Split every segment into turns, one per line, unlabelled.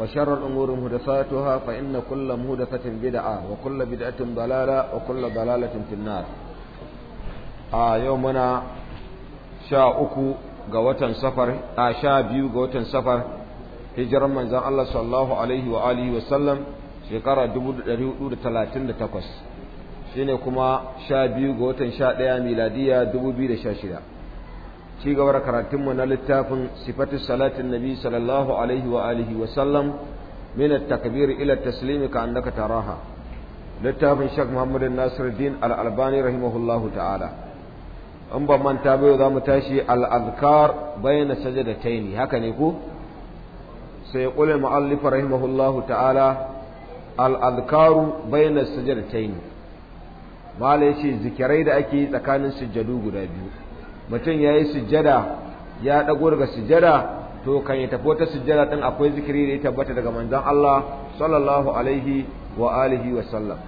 وشر الأمور مهدساتها فإن كل مهدسة بدعة وكل بدعة ضلالة وكل ضلالة في النار آه يومنا شاء أكو قوة سفر آه شاء بيو قوة سفر hijirar manzan Allah sallallahu alaihi wa alihi wa sallam shekara 1438 shine kuma 12 ga watan 11 miladiya 2016 ci da karatunmu na littafin sifatu salatin nabi sallallahu alaihi wa alihi wa sallam min at-takbir ila at ka annaka taraha littafin Sheikh Muhammad Nasiruddin Al-Albani rahimahullahu ta'ala in ban manta ba za mu tashi al-azkar bayna sajadataini haka ne ko sai qul mu'allif rahimahullahu ta'ala al-azkaru bayna sajadataini mala yace zikirai da ake yi tsakanin sujjadu guda biyu mutum ya yi sujjada ya ɗago daga sujjada to kan yi tafi wata sujjada ɗin akwai zikiri da ya tabbata daga manzon Allah sallallahu alaihi wa alihi wa sallam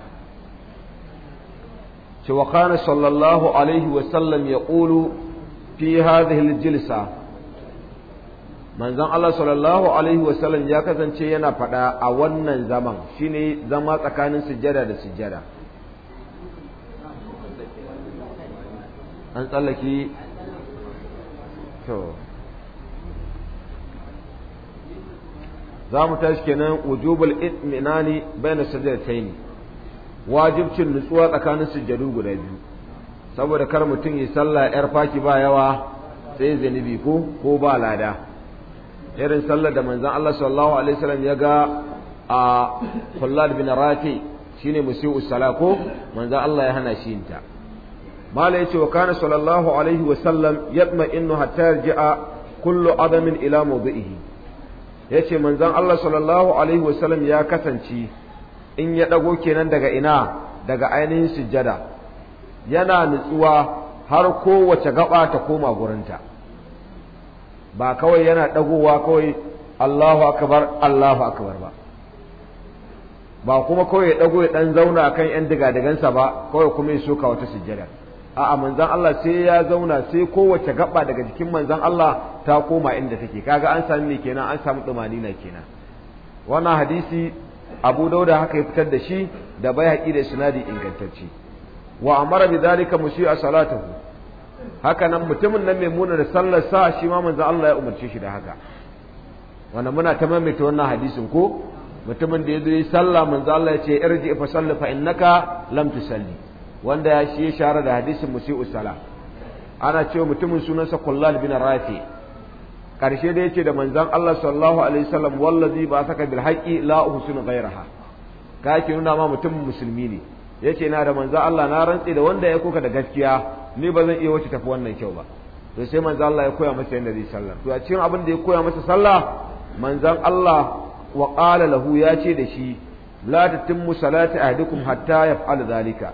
ci wa kana sallallahu alaihi wa sallam ya ƙulu fi hadhihi aljilsa manzon Allah sallallahu alaihi wa sallam ya kasance yana faɗa a wannan zaman shine zama tsakanin sujjada da sujjada
an tsallaki
to za mu tashi kenan wujubul itminani bayna sajdatayn wajibcin nutsuwa tsakanin sujjadu guda biyu saboda kar mutum yi sallah yar faki ba yawa sai zanibi ko ko ba lada irin sallar da manzon Allah sallallahu alaihi wasallam ya ga a Khullad bin Rafi shine musiu usala ko manzon Allah ya hana shi ta mala yace wa kana sallallahu alaihi wa sallam yatma innu hatta yarji'a kullu adamin ila mawdi'ihi yace manzon Allah sallallahu alaihi wa sallam ya kasance in ya dago kenan daga ina daga ainihin sujjada yana nutsuwa har kowace gaba ta koma gurinta ba kawai yana dagowa kawai Allahu akbar Allahu akbar ba ba kuma kawai ya dago ya dan zauna kan yan diga digansa ba kawai kuma ya soka wata sujjada a'a manzon Allah sai ya zauna sai kowace gaba daga jikin manzon Allah ta koma inda take kaga an sami ne kenan an sami dumani na kenan wannan hadisi Abu Dauda haka ya fitar da shi da bai Baihaqi da sinadi ingantacce wa amara bi dhalika mushi'a salatuhu haka nan mutumin nan mai muna da sallar sa shi ma manzon Allah ya umarci shi da haka wannan muna ta maimaita wannan hadisin ko mutumin da ya zo yi sallah manzo Allah ya ce irji fa salli fa innaka lam tusalli wanda ya shi shara da hadisin musi'u sala ana cewa mutumin sunansa kullal bin rafi karshe da yace da manzon Allah sallallahu alaihi wasallam wallazi ba saka bil haqqi la uhsinu ghayraha ka yake nuna ma mutumin musulmi ne yace na da manzon Allah na rantsi da wanda ya koka da gaskiya ni ba zan iya wuce tafi wannan kyau ba to sai manzon Allah ya koya masa yadda zai sallah to a cikin abin da ya koya masa sallah manzan Allah wa qala lahu yace da shi la tatimmu salati ahdikum hatta yaf'al zalika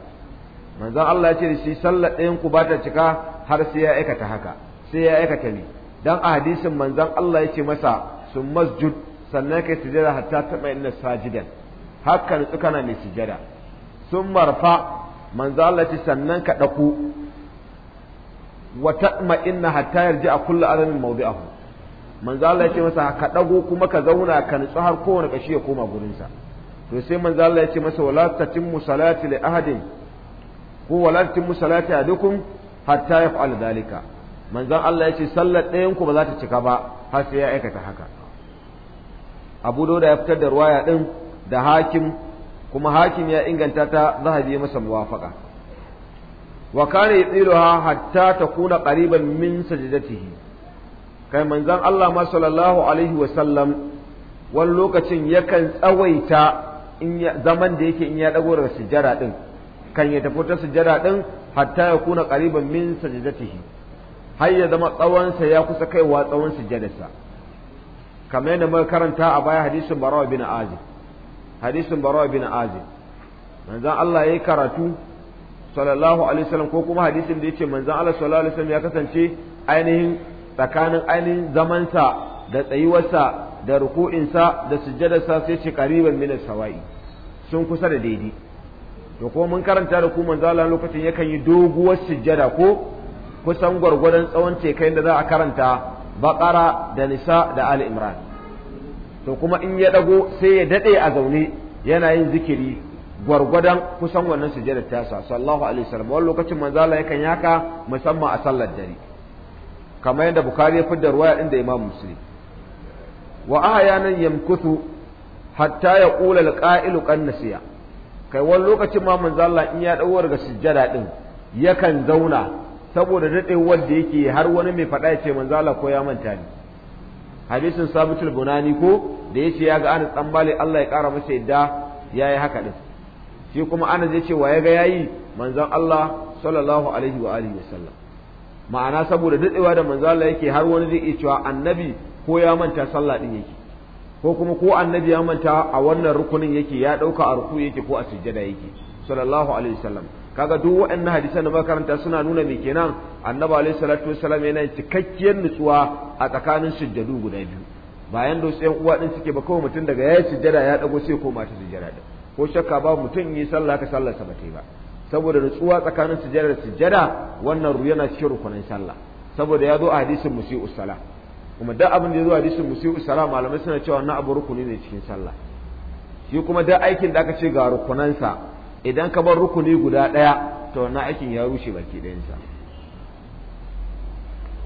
manzon Allah ya ce shi sallar ɗayan ku ba ta cika har sai ya aikata haka sai ya aikata ne dan a hadisin manzon Allah ya ce masa sun masjud sannan kai sujada hatta taɓa inna sajidan hakan su kana mai sujada sun marfa manzon Allah ya ce sannan ka ɗaku wa taɓa inna hatta yarji a kullu alamin mawdi'ahu manzo Allah ya ce masa ka dago kuma ka zauna ka nutsu har kowane kashi ya koma gurinsa to sai manzo Allah ya ce masa wala tatimmu salati li ahadin ko wala tutimmu adukum hatta yaf'al dhalika manzon Allah yace sallar ɗayan ku ba za ta cika ba har sai ya aikata haka Abu Dawud ya fitar da ruwaya din da hakim kuma hakim ya inganta ta zahabi masa muwafaqa wa kana yudiluha hatta takuna qariban min sajdatihi kai manzon Allah ma sallallahu alaihi wa sallam wani lokacin yakan tsawaita zaman da yake in ya dago daga sijjara din kan ya tafi ta sujada din hatta ya kuna qariban min sajadatihi har ya zama tsawonsa ya kusa kaiwa tsawon sujadarsa kamar yadda muka karanta a baya hadisin barawa bin azib hadisin barawa bin azib manzon Allah yayi karatu sallallahu alaihi wasallam ko kuma hadisin da yace manzon Allah sallallahu alaihi wasallam ya kasance ainihin tsakanin ainihin zamansa da tsayuwarsa da ruku'insa da sujjadarsa sai ce qariban min sawa'i sun kusa da daidai to kuma mun karanta da ku manzo Allah lokacin yakan yi doguwar sujjada ko kusan gwargwadon tsawon tekai da za a karanta baqara da nisa da ali imran to kuma in ya dago sai ya dade a zaune yana yin zikiri gwargwadon kusan wannan sujjada ta sa sallallahu alaihi wasallam wannan lokacin manzo Allah yakan yaka musamman a sallar dare kamar yadda bukari ya fidda ruwaya din da imam muslim wa ahyanan yamkuthu hatta yaqula alqa'ilu qannasiya kai wani lokacin ma manzo Allah in ya dawo daga sujjada din yakan zauna saboda daɗewar da yake har wani mai faɗa ya ce manzo Allah ko ya manta ni hadisin sabitul bunani ko da yace ya ga Anas dan Allah ya kara masa yadda yayi haka din shi kuma Anas yace wa ya ga yayi manzon Allah sallallahu alaihi wa alihi wasallam ma'ana saboda dadewa da manzo Allah yake har wani zai iya cewa annabi ko ya manta sallah din yake ko kuma ko annabi ya manta a wannan rukunin yake ya dauka a ruku yake ko a sujjada yake sallallahu alaihi wasallam kaga duk waɗannan hadisan da makaranta suna nuna me kenan annabi alaihi salatu wasallam yana cikakkiyar nutsuwa a tsakanin sujjadu guda biyu bayan da sai uwa din suke ba kawai mutum daga ya sujjada ya dago sai koma ta sujjada din ko shakka ba mutum yi sallah ka sallar sa ba ta yi ba saboda nutsuwa tsakanin sujjada da sujjada wannan ruwa yana cikin rukunin sallah saboda ya zo a hadisin musi'us salah kuma duk abin da ya zo hadisin musu salam malamai suna cewa na abu rukuni ne cikin sallah shi kuma duk aikin da aka ce ga rukunansa idan ka bar rukuni guda ɗaya to wannan aikin ya rushe baki ɗayansa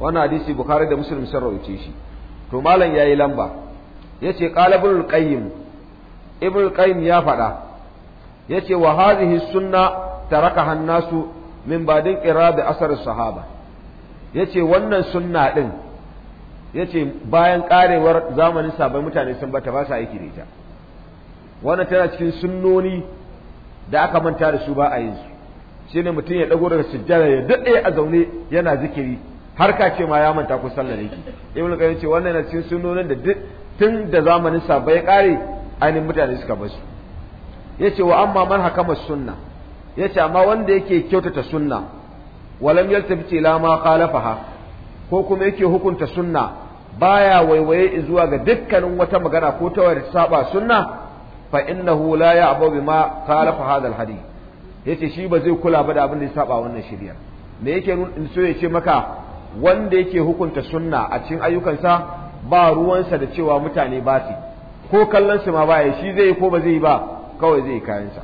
wannan hadisi bukhari da muslim sun rawaice shi to malam yayi lamba yace qalabul qayyim ibnul qayyim ya faɗa yace wa hadhihi sunna taraka hannasu min badin da asar sahaba yace wannan sunna din yace bayan karewar zamanin sabon mutane sun bata ba sa aiki da ita wannan tana cikin sunnoni da aka manta da su ba a yin su ne mutum ya dago daga sujjada ya daɗe a zaune yana zikiri har ka ce ma ya manta ku sallar yake ibnu qayyim ce wannan yana cikin sunnonin da tun da zamanin sabon ya kare ainihin mutane suka bar su yace wa amma man hakama sunna yace amma wanda yake kyautata sunna walam yaltafi lama ma khalafaha ko kuma yake hukunta sunna baya waiwaye zuwa ga dukkanin wata magana ko ta wayar saba sunna fa innahu la ya'bu bima khalafa hadha al-hadith yace shi ba zai kula ba da abin da ya saba wannan shari'a me yake in so ya ce maka wanda yake hukunta sunna a cikin ayyukansa ba ruwansa da cewa mutane ba su ko kallon su ma baya shi zai ko ba zai ba kawai zai yi kayansa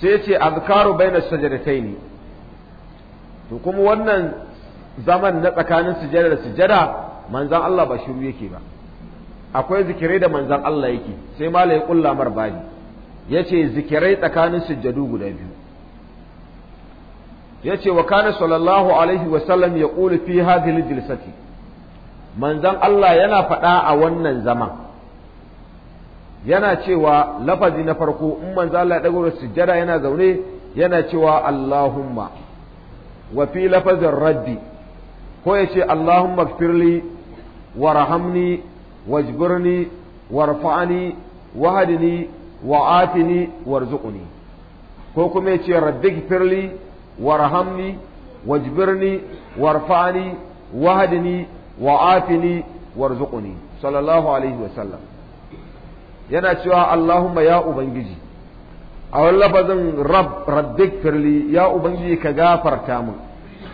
sai ce azkaru bainas sajadataini to kuma wannan zaman na tsakanin sujada da sujada manzan Allah ba shiru yake ba akwai zikirai da manzan Allah yake sai malaya ya kulla mar Ya yace zikirai tsakanin sujadu guda biyu yace wa kana sallallahu alaihi wa sallam yaqulu fi hadhihi jilsati manzan Allah yana faɗa a wannan zaman yana cewa lafazi na farko in manzan Allah ya dago sujada yana zaune yana cewa Allahumma wa fi lafazin raddi ko ya ce Allahumma gfirli warhamni wajbirni warfa'ni wahdini wa'atini warzuqni ko kuma ya ce rabbi gfirli warhamni wajbirni warfa'ni wahdini wa'atini warzuqni sallallahu alaihi wa sallam yana cewa Allahumma ya ubangiji a wani lafazin rab raddik firli ya ubangiji ka gafarta min?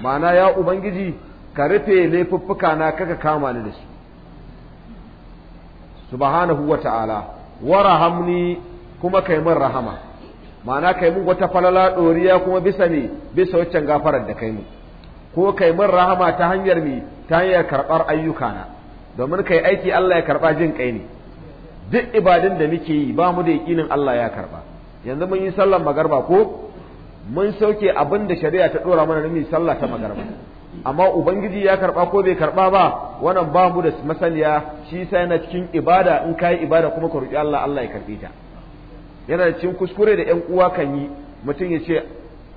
ma'ana ya ubangiji ka rufe laifuffuka na kaka kama ni da su subhanahu wa ta'ala wa rahamni kuma kai min rahama ma'ana kai min wata falala doriya kuma bisa ne bisa waccan gafarar da kai mu ko kai min rahama ta hanyar mi ta hanyar karɓar ayyukana domin kai aiki Allah ya karɓa jin kai ne duk ibadun da muke yi ba mu da yaƙinin Allah ya karɓa yanzu mun yi sallar magarba ko mun sauke abin da shari'a ta dora mana nemi sallah ta magarba amma ubangiji ya karba ko bai karba ba wannan ba mu da masaniya shi sa yana cikin ibada in kai ibada kuma ka roki Allah Allah ya karbe ta yana da cikin kuskure da ƴan uwa kan yi mutum ya ce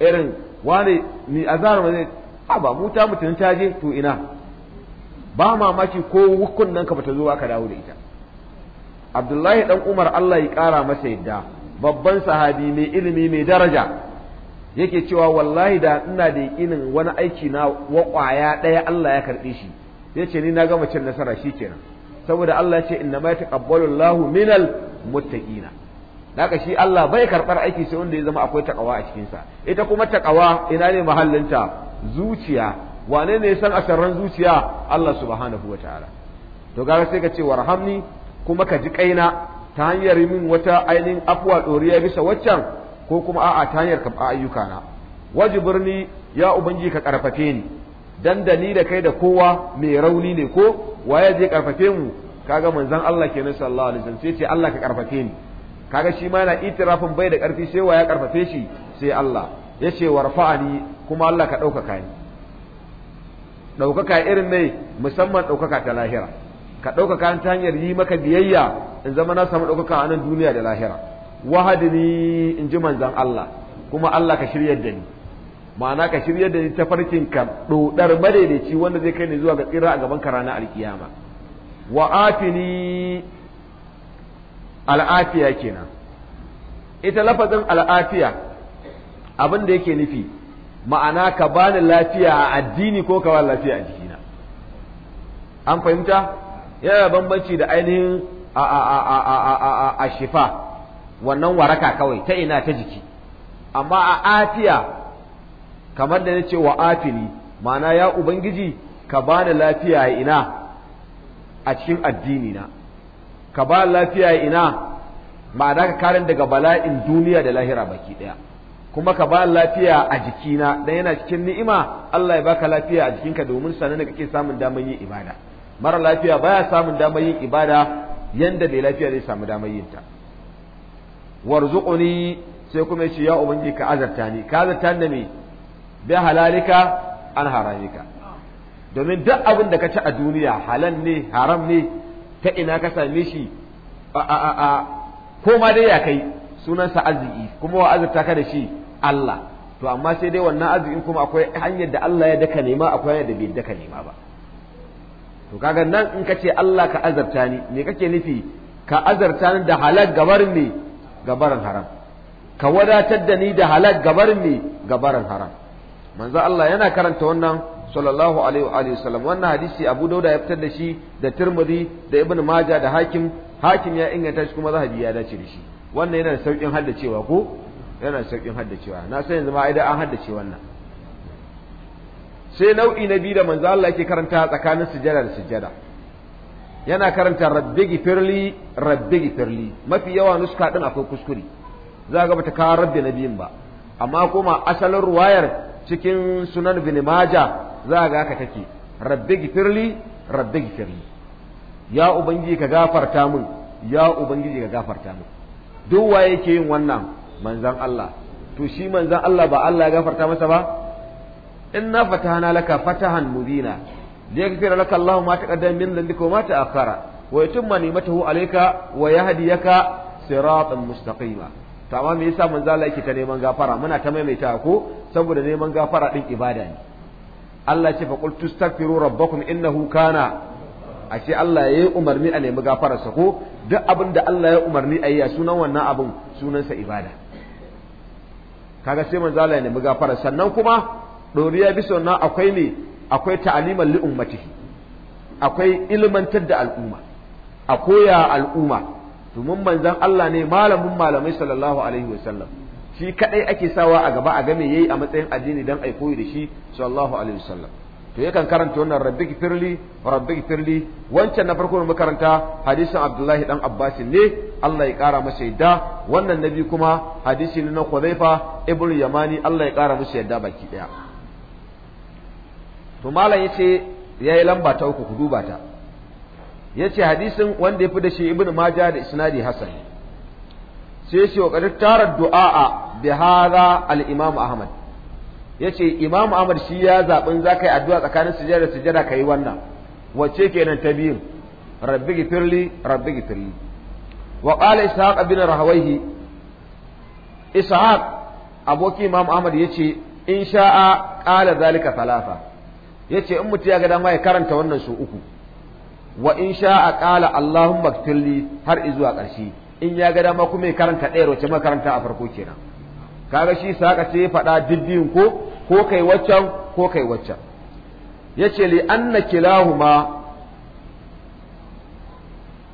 irin wane ni azar ma zai a ba mu ta mutun ta je to ina ba mamaki ko nan ka ba ta zo ka dawo da ita Abdullahi dan Umar Allah ya kara masa yadda babban sahabi mai ilimi mai daraja yake cewa wallahi da ina da yakinin wani aiki na waƙwaya ɗaya Allah ya karɓe shi yace ni na gama cin nasara shikenan saboda Allah ya ce inna ma yataqabbalu Allahu minal muttaqina daga shi Allah bai karɓar aiki sai wanda ya zama akwai takawa a cikin sa ita kuma takawa ina ne mahallinta zuciya wane ne san asarran zuciya Allah subhanahu wataala to gara sai ka ce warhamni kuma ka ji kaina ta hanyar min wata ainihin afuwa ɗoriya bisa waccan ko kuma a'a ta hanyar ayyuka na ayyukana birni ya ubangiji ka ƙarfafe ni dan da ni da kai da kowa mai rauni ne ko waye zai ƙarfafe mu kaga manzon Allah kenan sallallahu alaihi wasallam sai ce Allah ka ƙarfafe ni kaga shi ma yana itirafin bai da ƙarfi sai waya ƙarfafe shi sai Allah ya ce warfa'ani kuma Allah ka ɗaukaka ni ɗaukaka irin ne musamman ɗaukaka ta lahira ka ɗaukaka ta hanyar yi maka biyayya in zama na samu ɗaukaka a nan duniya da lahira ni in ji manzan Allah kuma Allah ka shirya da ni ma'ana ka shiryar da ni ta farkin ka dodar madaidaici wanda zai kai ni zuwa ga tsira a gaban ka ranar alkiyama wa afini al'afiya kenan ita lafazin al'afiya abin da yake nufi ma'ana ka bani lafiya a addini ko ka bani lafiya a jikina an fahimta yana bambanci da ainihin a a a a a a a a shifa wannan waraka kawai ta ina ta jiki amma a afiya kamar da nace wa afini ma'ana ya ubangiji ka bani lafiya ina a cikin addini na ka ba lafiya ina ma'ana ka karin daga bala'in duniya da lahira baki daya kuma ka ba lafiya a jikina dan yana cikin ni'ima Allah ya baka lafiya a jikinka domin sanin da kake samun damar yin ibada mara lafiya baya samun damar yin ibada yanda bai lafiya zai samu damar yin ta warzuquni sai kuma ce ya ubangi ka azarta ni ka azarta ni me bi halalika an haramika domin duk abin da ka ci a duniya halal ne haram ne ta ina ka same shi a a a. ko ma dai ya kai sunansa arziki kuma wa azurta ka da shi Allah to amma sai dai wannan arzikin kuma akwai hanyar da Allah ya daka nema akwai hanyar da bai daka nema ba to kaga nan in kace Allah ka azarta ni me kake nufi ka azarta ni da halal gabar me gabaran haram ka wadatar da ni da halal gabar me gabaran haram manzo Allah yana karanta wannan sallallahu alaihi wa alihi wasallam wannan hadisi Abu Dauda ya fitar da shi da Tirmidhi da Ibn Majah da Hakim Hakim ya inganta shi kuma Zahabi ya dace da shi wannan yana da saukin haddacewa ko yana da saukin haddacewa na san yanzu ma ai da an haddace wannan sai nau'i na biyu da manzo Allah yake karanta tsakanin sujada da sujada yana karanta rabbigi firli rabbigi firli. mafi yawa nuska din akwai kuskure za ga bata kawo rabbi na biyun ba amma kuma asalin ruwayar cikin sunan bin maja za ga haka take rabbigi firli rabbigi firli. ya ubangiji ka gafarta min ya ubangiji ka gafarta min duk waye yake yin wannan manzon Allah to shi manzon Allah ba Allah ya gafarta masa ba In na inna fatahna bi na. mubina liyaghfir laka Allahu ma taqaddama min dhanbika wa ma ta'akhkhara wa yutimma ni'matahu alayka wa yahdiyaka siratan mustaqima to amma me yasa manzo Allah yake ta neman gafara muna ta maimaita ko saboda neman gafara din ibada ne Allah ce fa qultu astaghfiru rabbakum innahu kana ashe Allah yayi umarni a nemi gafararsa ko duk abin Allah ya umarni a yi a sunan wannan abin sunansa ibada kaga sai manzo Allah ya nemi gafara sannan kuma ɗoriya bisa na akwai ne akwai ta'aliman li'un matihi akwai ilmantar da al'umma a koya al'umma domin manzon Allah ne malamin malamai sallallahu alaihi wasallam shi kaɗai ake sawa a gaba a game me yayi a matsayin addini dan ai koyi da shi sallallahu alaihi wasallam to yakan karanta wannan rabbik firli rabbik firli wancan na farko da makaranta hadisin abdullahi dan abbas ne Allah ya kara masa yadda wannan nabi kuma hadisi na Khudhaifa ibn Yamani Allah ya ƙara masa yadda baki ɗaya. to malam yace yayi lamba ta uku ku duba ta yace hadisin wanda ya fi da shi ibnu maja da isnadi hasan sai yace wa qad tara du'a bi hadha al imam ahmad yace imam ahmad shi ya zabin yi addu'a tsakanin sujada da sujada kai wannan wacce kenan ta biyu rabbi gifirli rabbi gifirli wa qala ishaq bin rahawayhi ishaq aboki imam ahmad yace in sha'a qala zalika thalatha yace in mutum ya ga dama ya karanta wannan su uku wa in sha'a ƙala Allahun ighfirli har zuwa ƙarshe in ya ga dama kuma ya karanta ɗaya wacce makaranta a farko kenan kaga shi saka ce ya faɗa diddin ko ko kai waccan ko kai waccan yace li anna kilahuma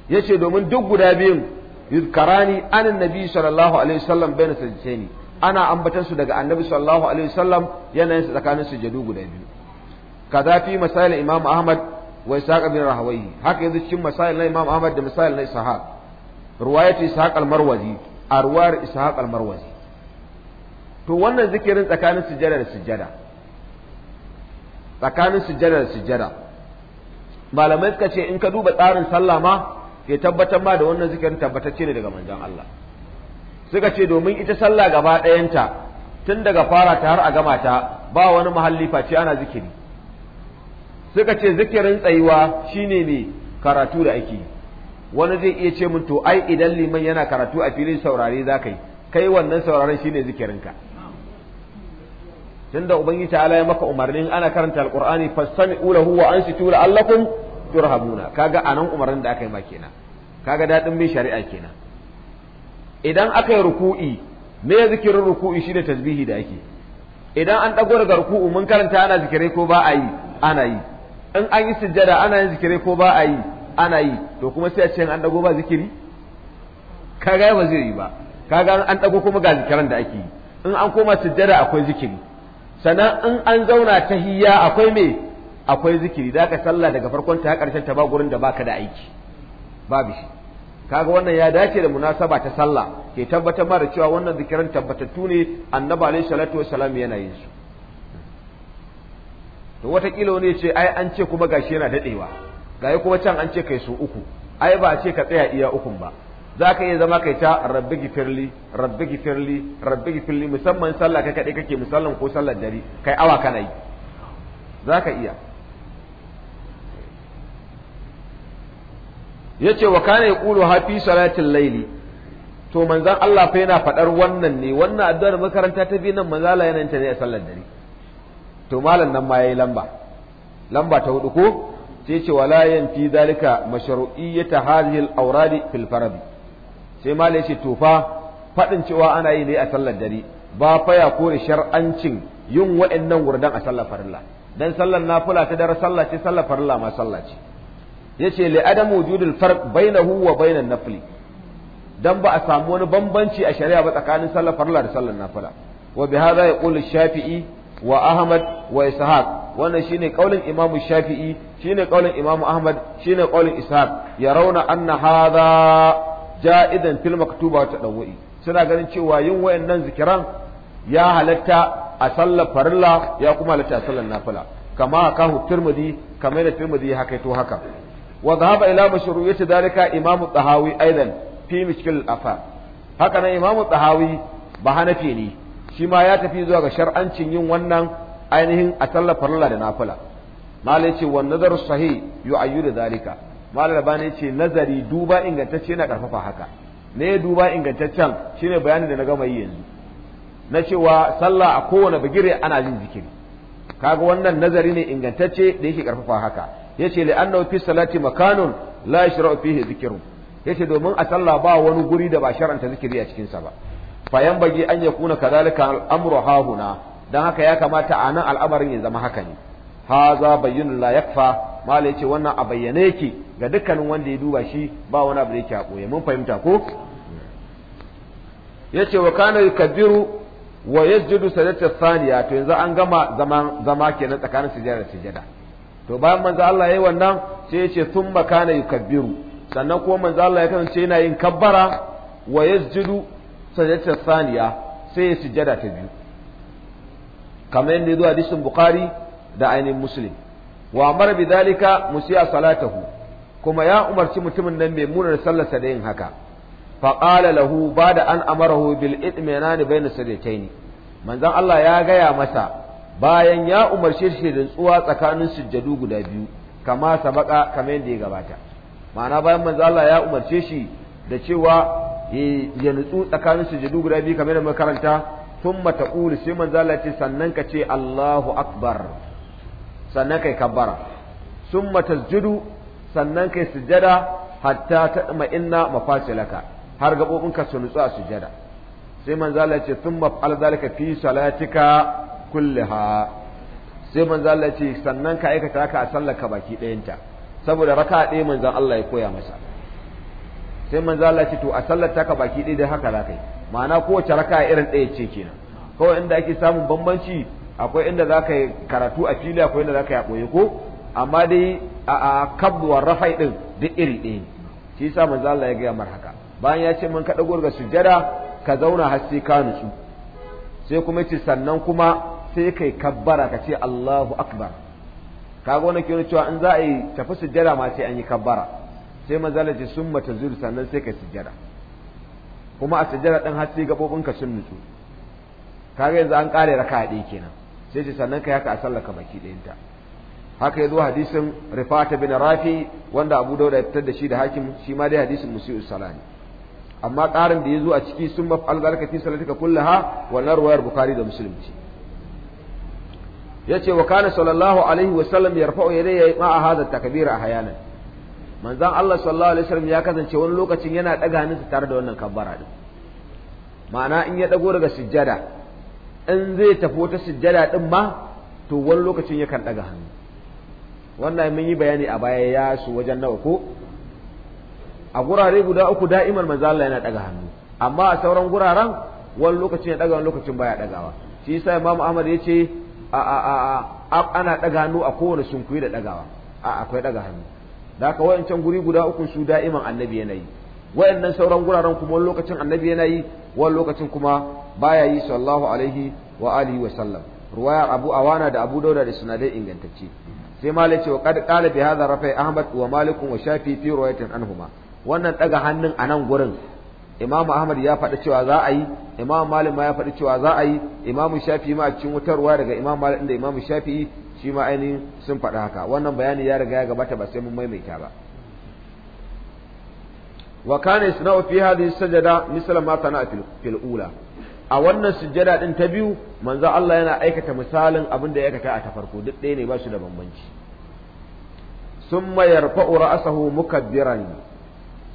yace domin duk guda biyun yuzkarani anan nabi sallallahu alaihi wasallam bayna sajdaini ana ambatan su daga annabi sallallahu alaihi wasallam yanayin su tsakanin sujadu guda biyu kaza fi masail imam ahmad wa ishaq bin rahawayhi haka yanzu cikin masail na imam ahmad da masail na ishaq ruwayat ishaq al-marwazi a ruwayar ishaq al-marwazi to wannan zikirin tsakanin sujjada da sujjada tsakanin sujjada da sujjada malamai suka ce in ka duba tsarin sallah ma ke tabbatar ma da wannan zikirin tabbatacce ne daga manzon Allah suka ce domin ita sallah gaba ɗayanta tun daga fara ta har a gama ta ba wani mahalli face ana zikiri suka ce zikirin tsayuwa shine ne karatu da ake wani zai iya ce mun to ai idan liman yana karatu a filin saurare za ka yi kai wannan sauraren shine zikirinka tunda ubangiji ta'ala ya maka umarnin ana karanta alqur'ani fastami'u ulahu wa ansitu la'allakum turhamuna kaga anan umarnin da aka yi ma kenan kaga dadin mai shari'a kenan idan aka yi ruku'i me zikirin ruku'i shine tasbihi da ake idan an dago daga ruku'u mun karanta ana zikirai ko ba a yi ana yi in an yi sujjada ana yin zikiri ko ba a yi ana yi to kuma sai a ce an dago ba zikiri kaga ba zai yi ba kaga an dago kuma ga zikiran da ake yi in an koma sujjada akwai zikiri sannan in an zauna ta hiyya akwai me akwai zikiri da ka sallah daga farkon ta karshen ta ba gurin da baka da aiki babu shi kaga wannan ya dace da munasaba ta sallah ke tabbatar da cewa wannan zikiran tabbatattu ne annabi alaihi salatu yana yin su to watakila wani ce ai an ce kuma gashi yana dadewa gayi kuma can an ce kai su uku ai ba a ce ka tsaya iya ukun ba za ka iya zama kai ta rabbi gifirli rabbi gifirli rabbi gifirli musamman sallah kai kaɗai kake musallan ko sallar dare kai awa kana yi za ka iya ya ce wa kana ya ƙulu hafi salatin laili to manzan Allah fa yana faɗar wannan ne wannan addu'ar makaranta ta biyu nan manzala yana ta ne a sallar dare to malam nan ma yayi lamba lamba ta hudu ko sai ce wala yanfi zalika mashru'iyyata hadhihi al-awradi fil faradi sai malam yace to fa fadin cewa ana yi ne a sallar dare ba fa ya kore shar'ancin yin wa'annan wurdan a sallar farilla dan sallar nafila ta dare sallah ce sallar farilla ma sallah ce yace li adam wujudul farq bainahu wa bainan nafli dan ba a samu wani bambanci a shari'a ba tsakanin sallar farilla da sallar nafila wa bi hadha yaqulu shafi'i wa Ahmad wa Ishaq wannan shine kaulin Imam Shafi'i shine kaulin Imam Ahmad shine kaulin Ishaq ya rauna anna hadha ja'idan fil maktuba ta dawai suna ganin cewa yin wayannan zikiran ya halatta a sallar farilla ya kuma halatta a sallar nafila kama kahu Tirmidhi kama da Tirmidhi haka to haka wa dhahaba ila mashru'iyyati dalika Imam Tahawi aidan fi mishkil al-afar haka nan Imam Tahawi ba hanafi ne shi ma ya tafi zuwa ga shar'ancin yin wannan ainihin a tallafa farla da nafila mala ce wa nazar ayyu da zalika mala labani ce nazari duba ingantacce yana karfafa haka ne duba ingantaccen shine bayanin da na gama yi yanzu na cewa sallah a kowane bigire ana jin zikiri kaga wannan nazari ne ingantacce da yake karfafa haka yace li annahu fi salati makanun la yashra'u fihi Ya yace domin a sallah ba wani guri da ba shar'anta zikiri a cikin sa ba fayan bagi an yakuna kadhalika al-amru hahuna dan haka ya kamata a nan al'amarin ya zama haka ne Ha za bayyinun la yakfa mala yace wannan a bayyane yake ga dukkanin wanda ya duba shi ba wani abu da yake a mun fahimta ko yace wa kana yukabbiru wa yasjudu sajadata thaniya to yanzu an gama zaman zama kenan tsakanin sujada da sujada to bayan manzo Allah yayi wannan sai yace thumma kana yukabbiru sannan ko manzo Allah ya kasance yana yin kabbara wa yasjudu sajdatar saniya sai ya sujada ta biyu kamar yadda zuwa dishin bukhari da ainihin musulun wa mar bi dalika musiya salatahu kuma ya umarci mutumin nan mai munar sallarsa da yin haka fa qala lahu bada an amarahu bil itminan bayna sajdataini manzon Allah ya gaya masa bayan ya umarce shi da tsuwa tsakanin sujjadu guda biyu kama sabaka kamar yadda ya gabata ma'ana bayan manzon Allah ya umarce shi da cewa ya nutsu tsakanin sujudu guda biyu kamar da makaranta mata ƙuri, sai manzo Allah ce sannan ka ce Allahu akbar sannan kai kabbara mata tasjudu sannan kai sujada hatta ta tadma inna mafasilaka har gaɓoɓinka su nutsu a sujada sai manzo Allah ce thumma fa'al zalika fi salatika kulliha sai manzo Allah ce sannan ka aikata haka a sallarka baki ɗayanta saboda raka ɗaya zan Allah ya koya masa sai manzo Allah ce to a sallar taka baki ɗaya dai haka za kai ma'ana kowace raka irin ɗaya ce kenan kawai inda ake samun bambanci akwai inda za ka karatu a fili akwai inda za ka yi a ɓoye ko amma dai a kabduwar rafai ɗin duk iri ɗaya shi yasa manzo Allah ya gaya mar haka bayan ya ce mun ka dago ga sujjada ka zauna har sai ka nutsu sai kuma ce sannan kuma sai kai kabbara ka ce Allahu akbar kaga wannan ke cewa in za a yi tafi sujjada ma sai an yi kabbara sai maza ce sun mata zuru sannan sai ka sijjara kuma a sijjara ɗin har sai ka sun nutsu kaga yanzu an ƙare raka ɗaya kenan sai ce sannan ka yaka a sallaka baki ɗayanta haka ya zo hadisin rifata bin rafi wanda abu dauda ya fitar da shi da hakim shi ma dai hadisin musi'u salani amma ƙarin da ya zo a ciki sun maf alzalika fi salatika kullaha wannan ruwayar bukari da musulunci yace wa kana sallallahu alaihi wa sallam ya yi ma'a takabira a ahyanan Manzan Allah sallallahu alaihi wasallam ya kasance wani lokacin yana daga hannunsa tare da wannan kabbara din ma'ana in ya dago daga sujjada in zai tafi wata sujjada din ma to wani lokacin ya kan daga hannu wannan mun yi bayani a baya ya su wajen nawa ko a gurare guda uku da'imar manzan Allah yana daga hannu amma a sauran guraren wani lokacin ya daga wani lokacin baya dagawa shi yasa Imam Ahmad ya ce a a a ana daga hannu a kowane sunkuyi da dagawa a akwai daga hannu da haka wayancan guri guda uku su da'iman annabi yana yi wayannan sauran guraren kuma wani lokacin annabi yana yi wani lokacin kuma baya yi sallallahu alaihi wa alihi wa sallam ruwayar abu awana da abu dauda da sunadai ingantacce sai malik cewa kad qala bi hadha rafai ahmad wa malik wa shafi fi riwayatin anhuma wannan daga hannun anan gurin imam ahmad ya faɗi cewa za a yi imam malik ma ya faɗi cewa za a yi imam shafi ma a cikin wutarwa daga imam malik da imam shafi shi ma ainihin sun faɗi haka wannan bayani ya riga ya gabata ba sai mun maimaita ba wa kana isna'u fi hadhihi sajada misal ma sana'a fil ula a wannan sujjada din ta biyu manzo Allah yana aikata misalin abin da ya aikata a ta farko duk ɗaya ne ba su da bambanci summa yarfa'u ra'sahu mukabbiran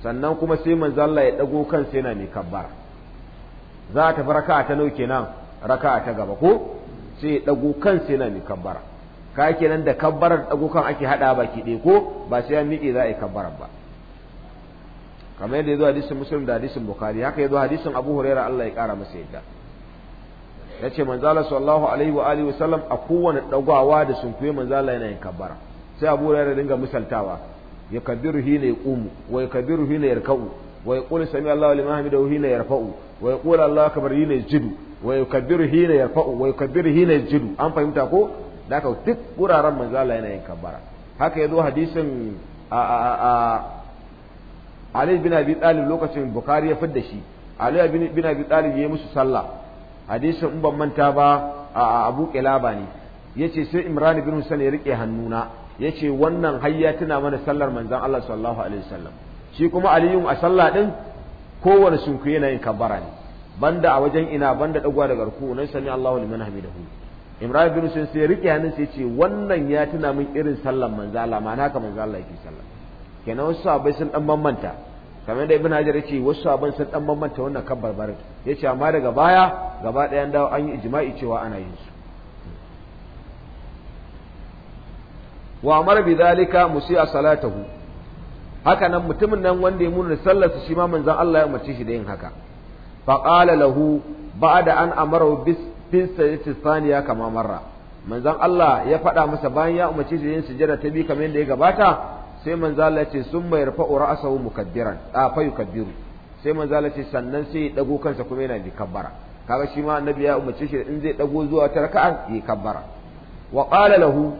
sannan kuma sai manzo Allah ya dago kansa yana mai kabbara za ta faraka ta nauke nan raka'a ta gaba ko sai ya dago kansa yana mai kabbara ka kenan da kabbarar dagukan ake hada baki ɗaya ko ba sai ya miƙe za a yi kabbarar ba kamar yadda ya zo hadisin muslim da hadisin bukhari haka ya zo hadisin abu huraira allah ya kara masa yadda ya ce manzala sallallahu alaihi wa alihi wasallam a kowane dagawa da sunkuye manzala yana yin kabbara sai abu huraira dinga misaltawa ya kabiru hina yaqumu wa ya kabiru hina yarka'u wa ya qul sami allahu liman hamidahu hina yarfa'u wa ya qul allahu akbar hina yajidu wa ya kabiru hina yarfa'u wa ya kabiru hina yajidu an fahimta ko da haka duk wuraren manzo Allah yana yin kabbara haka yazo hadisin a a a Ali bin Abi Talib lokacin Bukhari ya fidda shi Ali bin Abi Talib yayi musu sallah hadisin in ban manta ba a Abu Kilaba ne yace sai Imran bin Husain ya rike hannuna yace wannan hayya tana mana sallar manzon Allah sallallahu alaihi wasallam shi kuma Aliyu a sallah din kowane sunku yana yin kabbara ne banda a wajen ina banda dagwa daga ruku nan sani Allahu liman hamidahu Ibrahim bin Hussein sai rike hannun sai ce wannan ya tuna min irin sallan manzo Allah ma naka manzo Allah yake sallan kenan wasu sahabbai sun dan bambanta kamar da Ibn Hajar yace wasu sahabban sun dan bambanta wannan kan barbar yace amma daga baya gaba ɗaya an dawo an yi ijma'i cewa ana yin su wa amara bi zalika musiya salatahu haka nan mutumin nan wanda ya muna su shi ma manzon Allah ya umarce shi da yin haka fa qala lahu ba'da an amara bis fi sajdati thaniya kama marra manzan Allah ya faɗa masa bayan ya umarci su yin sujada ta biyu kamar yadda ya gabata sai manzo Allah ya ce summa yarfa'u mu mukaddiran a fa yukabbiru sai manzo Allah ya ce sannan sai ya dago kansa kuma yana bi kabbara kaga shi ma annabi ya umarci shi in zai dago zuwa ta raka'a yi kabbara wa qala lahu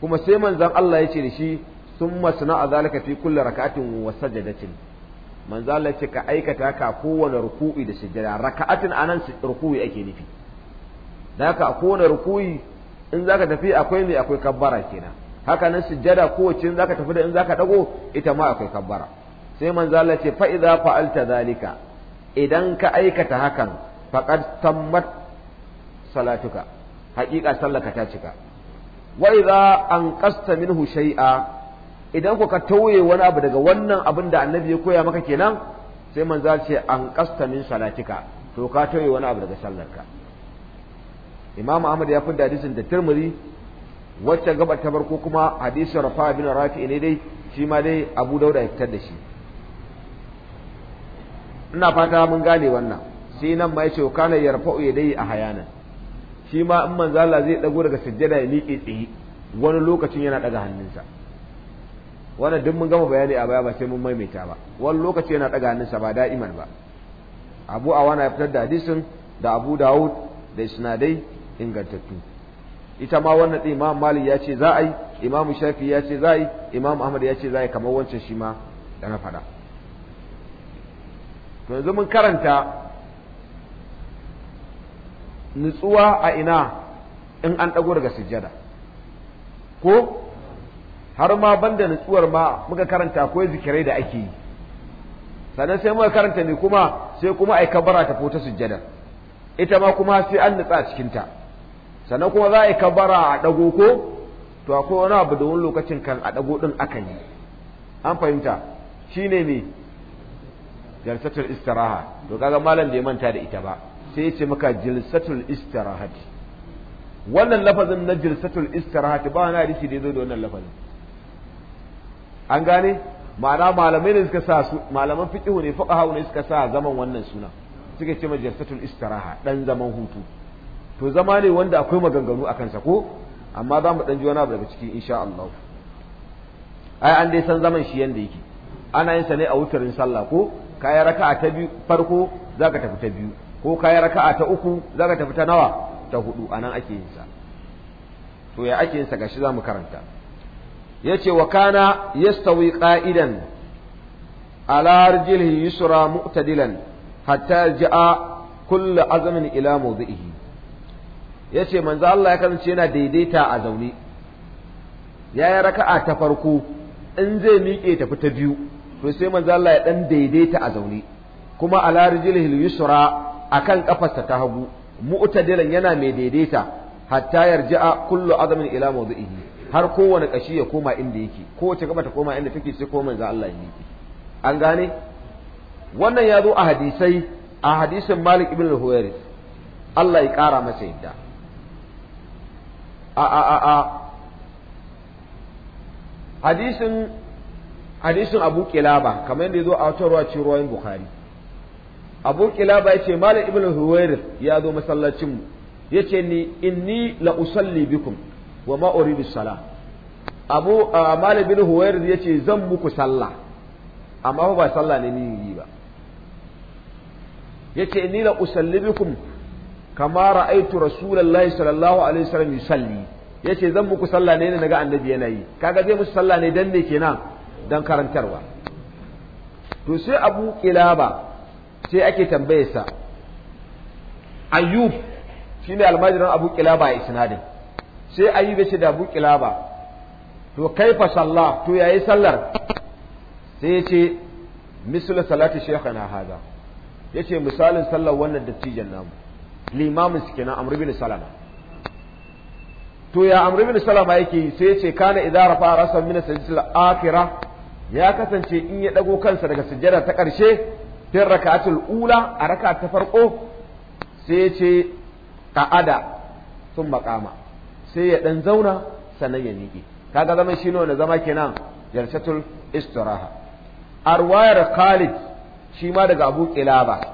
kuma sai manzan Allah ya ce da shi sun summa sana'a zalika fi kulli raka'atin wa sajadatin manzo Allah ya ce ka aikata ka kowane ruku'i da sujada raka'atin anan ruku'i ake nufi da haka a kowane rukuyi in zaka tafi akwai mai akwai kabbara kenan haka nan sujjada kowace in zaka tafi da in zaka dago ita ma akwai kabbara sai manzo Allah ce fa idza fa'alta zalika idan ka aikata hakan faqad tammat salatuka haƙiƙa sallaka ta cika wa idza anqasta minhu shay'a idan ku ka tauye wani abu daga wannan abin da annabi ya koya maka kenan sai manzo ce anqasta min salatika to ka tauye wani abu daga sallarka imam ahmad ya fi hadisin da tirmidhi wacce gaba ta farko kuma hadisin rafa bin rafi ne dai shi ma dai abu dauda ya fitar da shi ina fata mun gane wannan sai nan ma yace kana yarfa'u dai a hayana shi ma in manzo Allah zai dago daga sujjada ya miƙe tsaye wani lokacin yana daga hannunsa wannan duk mun gama bayani a baya ba sai mun maimaita ba wani lokaci yana daga hannunsa ba da'iman ba abu awana ya fitar da hadisin da abu dawud da isnadai ingantattu ita ma wannan din imam malik ya ce za a yi imam shafi ya ce za a yi imam ahmad ya ce za a yi kamar wancan shi ma da na faɗa to yanzu mun karanta nutsuwa a ina in an ɗago daga sujjada ko har ma banda nutsuwar ma muka karanta akwai zikirai da ake yi sannan sai muka karanta ne kuma sai kuma ai kabara ta fota sujjada ita ma kuma sai an nutsa a cikinta sannan kuma za a yi kabara a ɗago ko to akwai wani abu da wani lokacin kan a ɗago ɗin aka yi an fahimta shi ne ne jalsatul istiraha to kaga malam bai manta da ita ba sai ya ce maka jalsatul istirahati wannan lafazin na jalsatul istirahati ba wani hadisi da ya zo da wannan lafazin an gane ma'ana malamai ne suka sa su malaman fiqhu ne fuqaha ne suka sa zaman wannan suna suka ce ma jalsatul istiraha dan zaman hutu to zama ne wanda akwai maganganu a kansa ko amma za mu ɗan wani abu daga ciki insha Allah ai an dai san zaman shi yanda yake ana yin sa ne a wutarin sallah ko kayi raka'a ta biyu farko zaka tafi ta biyu ko kayi raka'a ta uku zaka tafi ta nawa ta hudu anan ake yin sa to ya ake yin sa gashi mu karanta yace wa kana yastawi qa'idan ala rijlihi yusra mu'tadilan hatta ja'a kullu azmin ila mawdi'ihi ya ce manzo Allah ya kasance yana daidaita a zaune ya yi raka'a ta farko in zai miƙe tafi ta biyu to sai manzo Allah ya dan daidaita a zaune kuma ala rijlihil yusra akan kafarsa ta hagu mu'tadilan yana mai daidaita hatta yarji'a kullu azmin ila mawdi'ihi har kowane kashi ya koma inda yake kowace gaba ta koma inda take sai ko manzo Allah ya miƙe an gane wannan ya zo a hadisai a hadisin Malik ibn al-Huwairis Allah ya kara masa yadda a a a hadisin hadisin Abu Kilaba kamar yadda zo a wata ruwa ce ruwan Bukhari Abu Kilaba yace Malam Ibn huwairu ya zo masallacin mu yace ni inni la usalli bikum wa ma uridu sala. Abu Malam Ibn ya yace zan muku sallah amma ba sallah ne ni yi ba yace inni la usalli bikum kama ra'aitu rasulullahi sallallahu alaihi wasallam yusalli yace zan muku sallah ne naga annabi yana yi kaga zai musu sallah ne dan ne kenan dan karantarwa to sai Abu Kilaba sai ake sa Ayyub shine almajiran Abu Kilaba a isnadin sai Ayyub ya ce da Abu Kilaba to kaifa sallah to yayi sallar sai ya ce mislu salati shaykhana hada yace misalin sallar wannan dattijan namu limamin su kenan amr bin salama to ya amr bin salama yake sai ya ce kana idan rafa rasa mina sajdatil akira ya kasance in ya dago kansa daga sujjada ta karshe fil rak'atul ula a raka ta farko sai ya ce qa'ada sun makama sai ya ɗan zauna sannan ya miƙe kaga zama shi ne zama kenan jalsatul istiraha arwayar khalid shi ma daga abu kilaba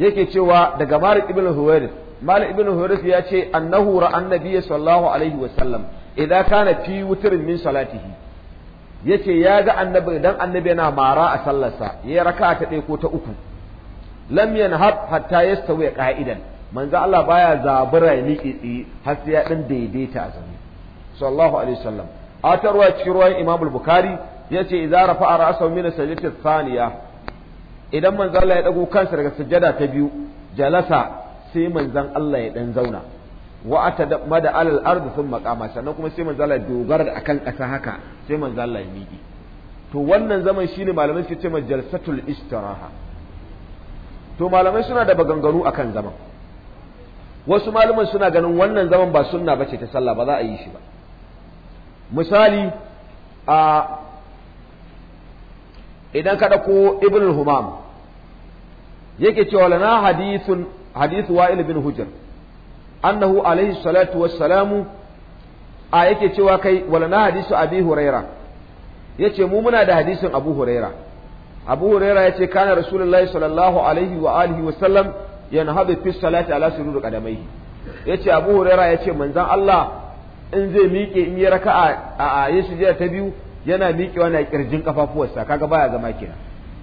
yake cewa daga Malik ibn Huwairis Malik ibn Huwairis ya ce annahu ra'a annabi sallallahu alaihi wa sallam idza kana fi wutrin min salatihi yace ya ga annabi dan annabi yana mara a sallarsa ya raka ta ɗaya ko ta uku lam yanhab hatta yastawi qa'idan manzo Allah baya zabura ya miƙe har sai ya dan daidaita a sallallahu alaihi wasallam a tarwa cikin ruwan Imam Bukhari yace idza rafa'a ra'sahu min sajdati thaniya idan manzo Allah ya dago kansa daga sujjada ta biyu jalasa sai manzon Allah ya dan zauna wa atada alal ard sun maqama sannan kuma sai manzo Allah ya dogara da akan ƙasa haka sai manzo Allah ya miƙi to wannan zaman shine malamai suke cewa jalsatul istiraha to malamai suna da baganganu akan zaman wasu malaman suna ganin wannan zaman ba sunna bace ta sallah ba za a yi shi ba misali a idan ka ɗauko ibn humam yake cewa lana hadithun hadithu wa'il bin hujr annahu alaihi salatu wassalamu a yake cewa kai walana hadithu abi huraira yace mu muna da hadisin abu huraira abu huraira yace kana rasulullahi sallallahu alaihi wa alihi wa sallam yanhadu fi salati ala surur qadamaihi yace abu huraira yace manzon Allah in zai miƙe in yi raka'a a a yi sujada ta biyu yana miƙewa na kirjin kafafuwarsa kaga baya zama kina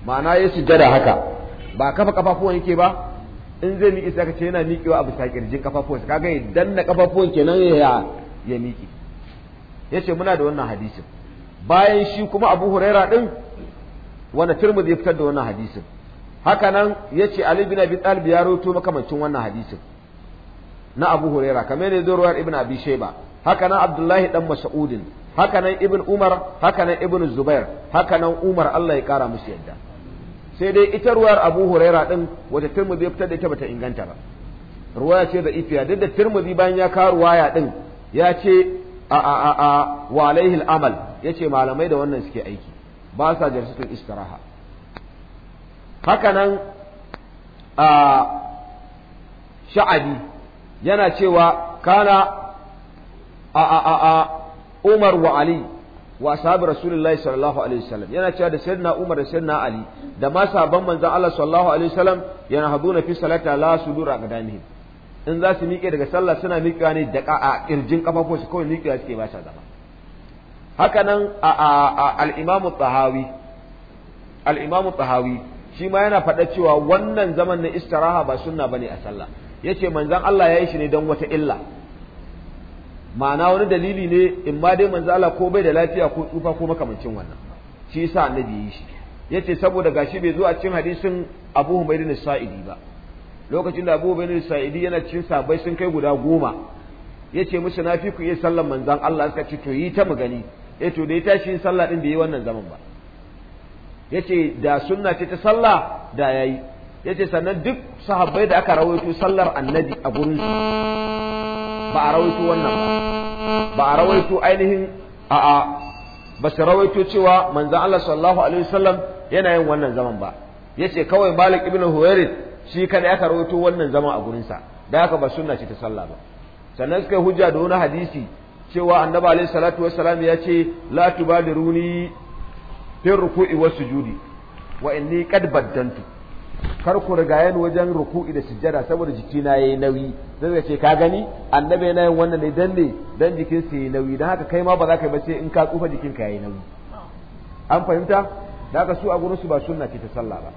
ma'ana yi sujada haka ba kafa kafafuwan yake ba in zai miƙe sai ka ce yana miƙewa a bisa kirjin kafafuwansa kaga ya danna kafafuwan kenan ya ya miƙe yace muna da wannan hadisin bayan shi kuma Abu Huraira din wanda Tirmidhi ya fitar da wannan hadisin haka nan yace Ali bin Abi Talib ya rawaito makamancin wannan hadisin na Abu Huraira kamar ne zuwar Ibn Abi Shayba haka nan Abdullahi dan Mas'udin haka nan Ibn Umar haka nan Ibn Zubair haka nan Umar Allah ya kara musu yadda sai dai ita ruwayar abu huraira din wata turmuzi ya fitar da ita bata inganta ba ruwaya ce da ifiya duk da turmuzi bayan ya kawo ruwaya din ya ce a a a a wa amal ya ce malamai da wannan suke aiki ba sa jarsatul istiraha haka nan a sha'adi yana cewa kana a a a umar wa ali wa ashabi rasulullahi sallallahu alaihi wasallam yana cewa da sayyidina Umar da sayyidina Ali da ma sahabban manzon Allah sallallahu alaihi wasallam yana haduna fi salata la sudura qadamihim in za su miƙe daga sallah suna miƙewa ne da a kirjin kafafuwa su kawai miƙewa suke ba sa zama haka nan al-Imam Tahawi al-Imam Tahawi shi ma yana faɗa cewa wannan zaman na istiraha ba sunna bane a sallah yace manzon Allah ya yi shi ne don wata illa ma'ana wani dalili ne in ma dai manzo Allah ko bai da lafiya ko tsufa ko makamancin wannan shi yasa annabi yi shi yace saboda gashi bai zo a cikin hadisin Abu Humayd bin Sa'idi ba lokacin da Abu Humayd bin Sa'idi yana cikin sabai sun kai guda goma yace musu na fi ku iya sallar manzon Allah suka ce to yi ta mu gani eh to dai ya tashi sallah din bai yi wannan zaman ba yace da sunna ce ta sallah da yayi yace sannan duk sahabbai da aka rawaito sallar annabi a gurin su ba a rawaito wannan ba ba a rawaito ainihin a'a ba su rawaito cewa manzan Allah sallallahu alaihi wasallam yana yin wannan zaman ba yace kawai Malik ibn Huwairith shi kada aka rawaito wannan zaman a gurinsa da haka ba sunna ce ta sallah ba sannan suka hujja da wani hadisi cewa annabi alaihi salatu wassalam ya ce la tubadiruni fi ruku'i was sujudi wa inni qad baddantu kar ku riga yin wajen ruku'i da sujjada saboda jikina yayi nauyi sai ka ce ka gani annabi yana yin wannan ne dan ne dan jikin sa yayi nauyi dan haka kai ma ba za ka yi ba sai in ka tsufa jikin ka yayi nauyi an fahimta da haka su a gurin su ba sunna ce ta sallah ba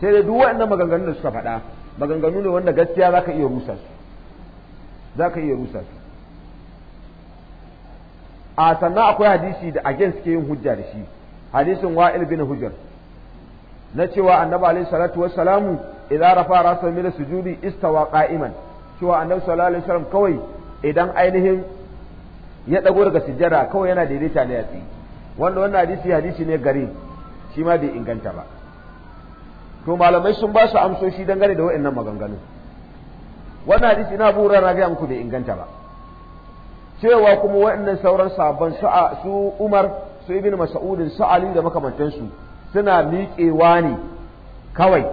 sai dai duk waɗannan maganganun da suka faɗa maganganu ne wanda gaskiya za ka iya rusa su za ka iya rusa su a sannan akwai hadisi da agen suke yin hujja da shi hadisin wa'il bin hujjar na cewa annabi alaihi salatu wassalamu idan rafa rasul min sujudi istawa qa'iman cewa annabi sallallahu alaihi wasallam kawai idan ainihin ya dago daga sujjada kawai yana daidaita ne yatsi wanda wannan hadisi hadisi ne gari shi ma bai inganta ba to malamai sun ba su amsoshi dangane da waɗannan maganganu wannan hadisi na bura na ga muku bai inganta ba cewa kuma waɗannan sauran sabon su Umar su Ibn Mas'udin su Ali da makamantansu suna miƙewa ne kawai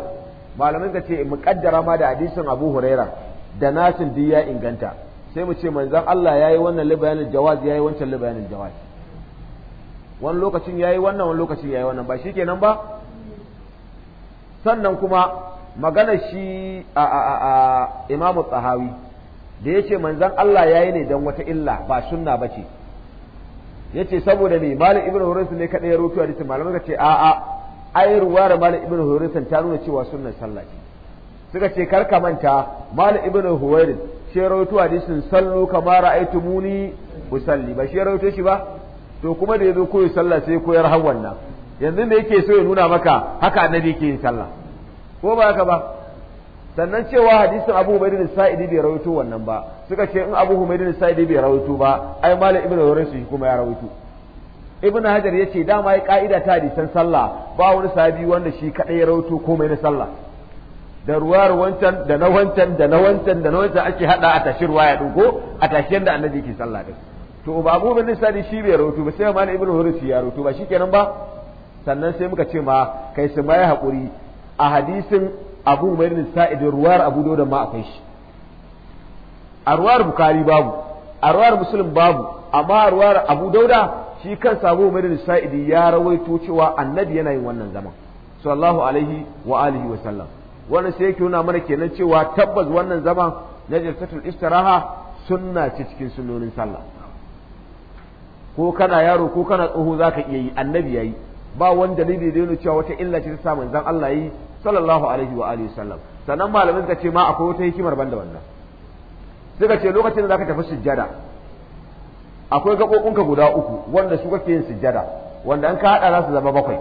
malamin ka ce mu kaddara ma da hadisin Abu Huraira da nasin duk ya inganta sai mu ce manzon Allah yayi wannan libayanin jawaz yayi wancan libayanin jawaz wani lokacin yayi wannan wani lokacin yayi wannan ba shikenan ba sannan kuma magana shi a a a Imam Tsahawi da yace manzon Allah yayi ne dan wata illa ba sunna bace yace saboda me malamin ibnu hurayth ne kada ya rufe hadisin malamin ka ce a'a ai ruwar malam ibnu hurairin ta nuna cewa sunnar sallah ce suka ce kar ka manta malam ibnu hurairin shi rawaito hadisin sallu kama ra'aytumuni usalli ba shi rawaito shi ba to kuma da yazo koyi sallah sai koyar har wannan yanzu me yake so ya nuna maka haka annabi yake yin sallah ko ba haka ba sannan cewa hadisin Abu Humaydin Sa'idi bai rawaito wannan ba suka ce in Abu Humaydin Sa'idi bai rawaito ba ai malam ibnu shi kuma ya rawaito Ibn hajar yace dama ya ka'ida ta hadisan sallah ba wani sahabi wanda shi kadai ya rawaito komai na sallah da ruwar wancan da na wancan da na wancan da na wancan ake hada a tashi ruwa ya dogo a tashi yanda annabi yake sallah din to ba abu bin nisani shi bai rawaito ba sai ma ibn ibnu hurus ya rawaito ba shikenan ba sannan sai muka ce ma kai su mai hakuri a hadisin abu mai sa'id ruwar abu dawud ma akwai shi a ruwar bukari babu a ruwar muslim babu amma a ruwar abu dauda shi kan sabo Abu Ubaida Sa'idi ya rawaito cewa annabi yana yin wannan zaman sallallahu alaihi wa alihi wa sallam wannan sai yake nuna mana kenan cewa tabbas wannan zaman na jalsatul istiraha sunna ce cikin sunnonin sallah ko kana yaro ko kana tsoho zaka iya yi annabi yayi ba wani dalili da yana cewa wata illa ce ta samu zan Allah yi sallallahu alaihi wa alihi sallam sannan malamin ka ce ma akwai wata hikimar banda wannan suka ce lokacin da zaka tafi sujjada akwai gaɓoɓinka guda uku wanda su kake yin sujjada wanda an ka haɗa za su zama bakwai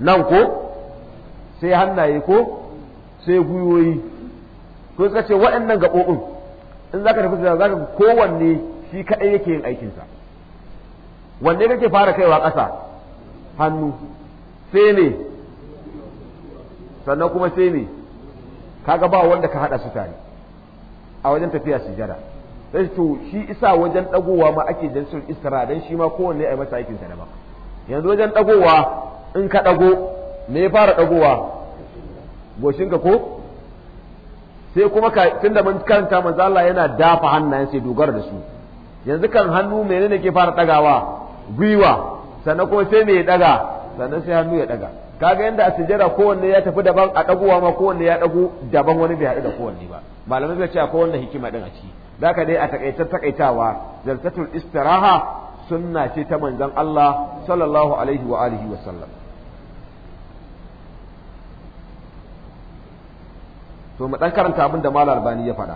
nan ko sai hannaye ko sai gwiwoyi ko suka ce waɗannan gaɓoɓin in za ka tafi sujjada za ka kowanne shi kaɗai yake yin aikinsa wanne kake fara kaiwa ƙasa hannu sai ne sannan kuma sai ne kaga ba wanda ka haɗa su tare a wajen tafiya sujjada sai to shi isa wajen dagowa ma ake jinsul isra dan shi ma kowanne ai masa aikin sa daban yanzu wajen dagowa in ka dago me ya fara dagowa ka ko sai kuma ka tunda mun karanta manzo Allah yana dafa hannayen sai dogara da su yanzu kan hannu menene ke fara dagawa gwiwa sannan kuma sai me ya daga sannan sai hannu ya daga kaga yanda a sujjada kowanne ya tafi daban a dagowa ma kowanne ya dago daban wani bai haɗu da kowanne ba malamai bai ce akwai wannan hikima din a ciki zaka dai a takaitar takaitawa jalsatul istiraha sunna ce ta manzon Allah sallallahu alaihi wa alihi wa sallam to mu dan karanta abin da malal Albani ya faɗa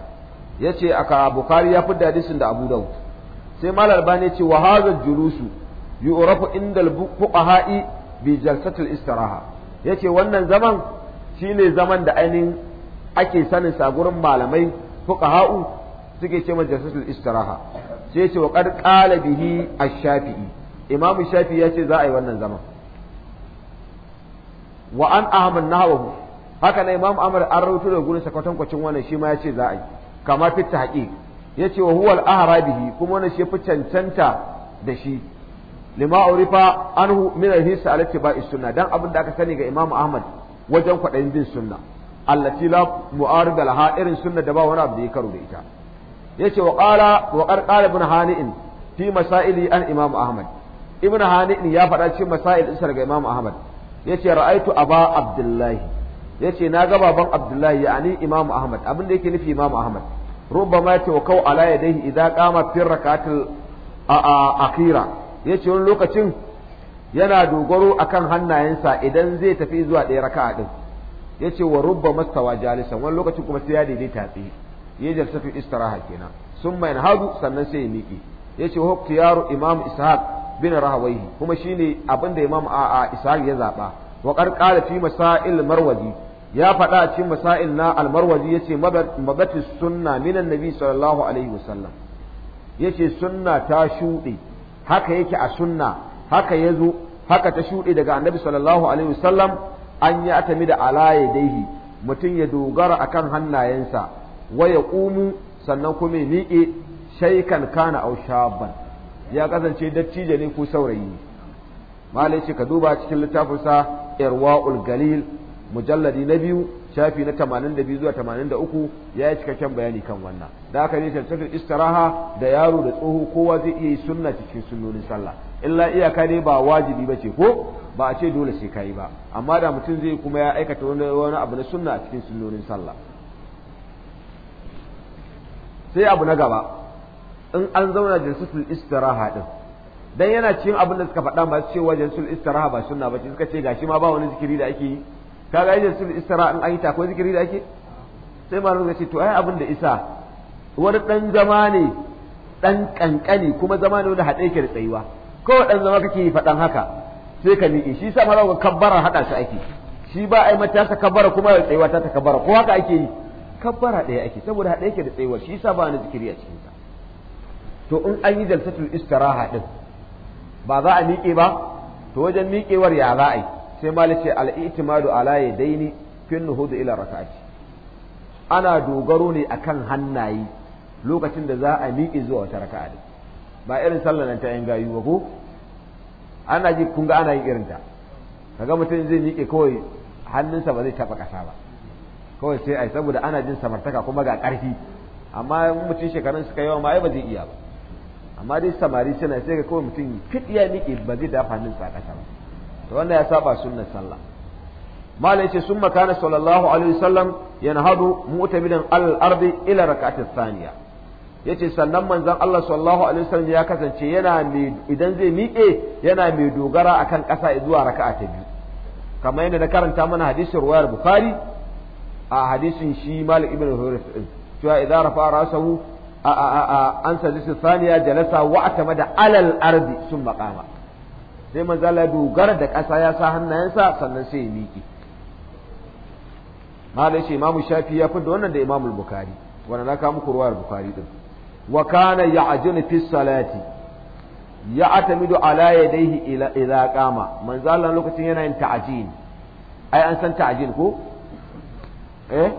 yace aka Bukhari ya fidda hadisin da Abu Dawud sai Malam Albani yace wa hadha julusu yu'rafu indal fuqaha'i bi jalsatul istiraha yace wannan zaman shine zaman da ainihin ake sanin sa gurin malamai fuqaha'u suke ce masa jalsatul istiraha sai ce wa kar qala bihi ash-shafi'i imamu shafi'i ce za a yi wannan zaman wa an ahmad nahawahu haka na imam amr an rawaito da gurin sakwatan kwacin wannan shi ma ya ce za a yi kama fitta ya ce wa huwa al bihi kuma wannan shi fi cancanta da shi lima urifa anhu min al-hisa alati ba'i sunna dan abin da aka sani ga imam ahmad wajen kwaɗayin bin sunna allati la mu'arid laha irin sunna da ba wani abu da ya karo da ita yace wa qala wa qarqal ibn hani'in fi masaili an imam ahmad ibn hani'in ya faɗa ci masail din daga imam ahmad yace ra'aytu aba abdullahi yace na ga baban abdullahi yani imam ahmad abin da yake nufi imam ahmad rubbama yace wa kau ala yadayhi idza qama fi rakatil akhira yace wani lokacin yana dogaro akan hannayensa idan zai tafi zuwa ɗaya raka'a din yace wa rubbama mastawa jalisan wani lokacin kuma sai ya daidaita tsaye ya jalsatu istiraha kenan sun mai hadu sannan sai ya miƙe ya ce yaro imam ishaq bin rahawaihi kuma shine abin da imam a ishaq ya zaɓa wa qarqala fi masail marwazi ya faɗa a cikin masail na almarwazi yace mabatis sunna minan nabi sallallahu alaihi wasallam yace sunna ta shuɗe haka yake a sunna haka ya zo haka ta shuɗe daga annabi sallallahu alaihi wasallam an yi atami da ala daihi mutum ya dogara akan hannayensa Waya kumu sannan kuma miƙe shaikan kana au shabban ya kasance dattijo ne ko saurayi ne malai ce ka duba cikin littafin sa irwaul galil mujalladi na biyu shafi na 82 zuwa 83 ya yi cikakken bayani kan wannan da aka yi tantakar istiraha da yaro da tsoho kowa zai iya yi sunna cikin sunnonin sallah illa iyaka ne ba wajibi ba ce ko ba a ce dole sai ka yi ba amma da mutum zai kuma ya aikata wani abu na sunna cikin sunnonin sallah sai abu na gaba in an zauna jalsatul istiraha din dan yana cikin abin da suka faɗa masu cewa jalsatul istiraha ba sunna bace suka ce gashi ma ba wani zikiri da ake yi kaga yin jalsatul istiraha in an yi ta akwai zikiri da ake sai malamin ya ce to ai abin da isa wani dan zama ne dan kankani kuma zama ne wanda haɗe yake da tsayuwa kawai dan zama kake yi faɗan haka sai ka miƙe shi yasa malamin kabbara haɗa shi ake shi ba ai mata ta kabbara kuma tsayuwa ta ta kabbara ko haka ake yi kabbara ɗaya ake saboda haɗe yake da tsayuwar shi yasa ba ni zikiri a cikin sa to in an yi jalsatul istiraha din ba za a miƙe ba to wajen miƙewar ya za a yi sai malik ce al-i'timadu ala yadaini fin nuhud ila rak'ati ana dogaro ne akan hannaye lokacin da za a miƙe zuwa wata raka'a din ba irin sallar nan ta yan gayu ba ko ana ji kun ga ana yin irin ta kaga mutum zai miƙe kawai hannunsa ba zai taɓa ƙasa ba kawai sai yi saboda ana jin samartaka kuma ga ƙarfi amma mutum shekarun suka yawa ma ai ba zai iya ba amma dai samari suna sai ga kawai mutum fit ya miƙe ba zai dafa hannun sa ba to wannan ya saba sunan sallah mala yace sun makana sallallahu alaihi wasallam hadu mu'tamidan alal ardi ila rak'ati thaniya yace sannan manzon Allah sallallahu alaihi wasallam ya kasance yana mai idan zai miƙe yana mai dogara akan ƙasa zuwa raka'a ta biyu kamar yadda na karanta mana hadisin ruwayar bukhari a hadisin shi malik ibn huris din cewa idan rafa rasahu a a a an Saniya thaniya jalasa wa atamada alal ardi sun qama sai manzala dogara da ƙasa ya sa hannayensa sannan sai ya miƙe malai shi imamu shafi ya fi da wannan da imamu bukari wanda na kawo muku ruwayar bukari din wa kana ya'jinu fi salati ya atamidu ala yadayhi ila ila qama manzala lokacin yana yin ta'jin ai an san ta'jin ko eh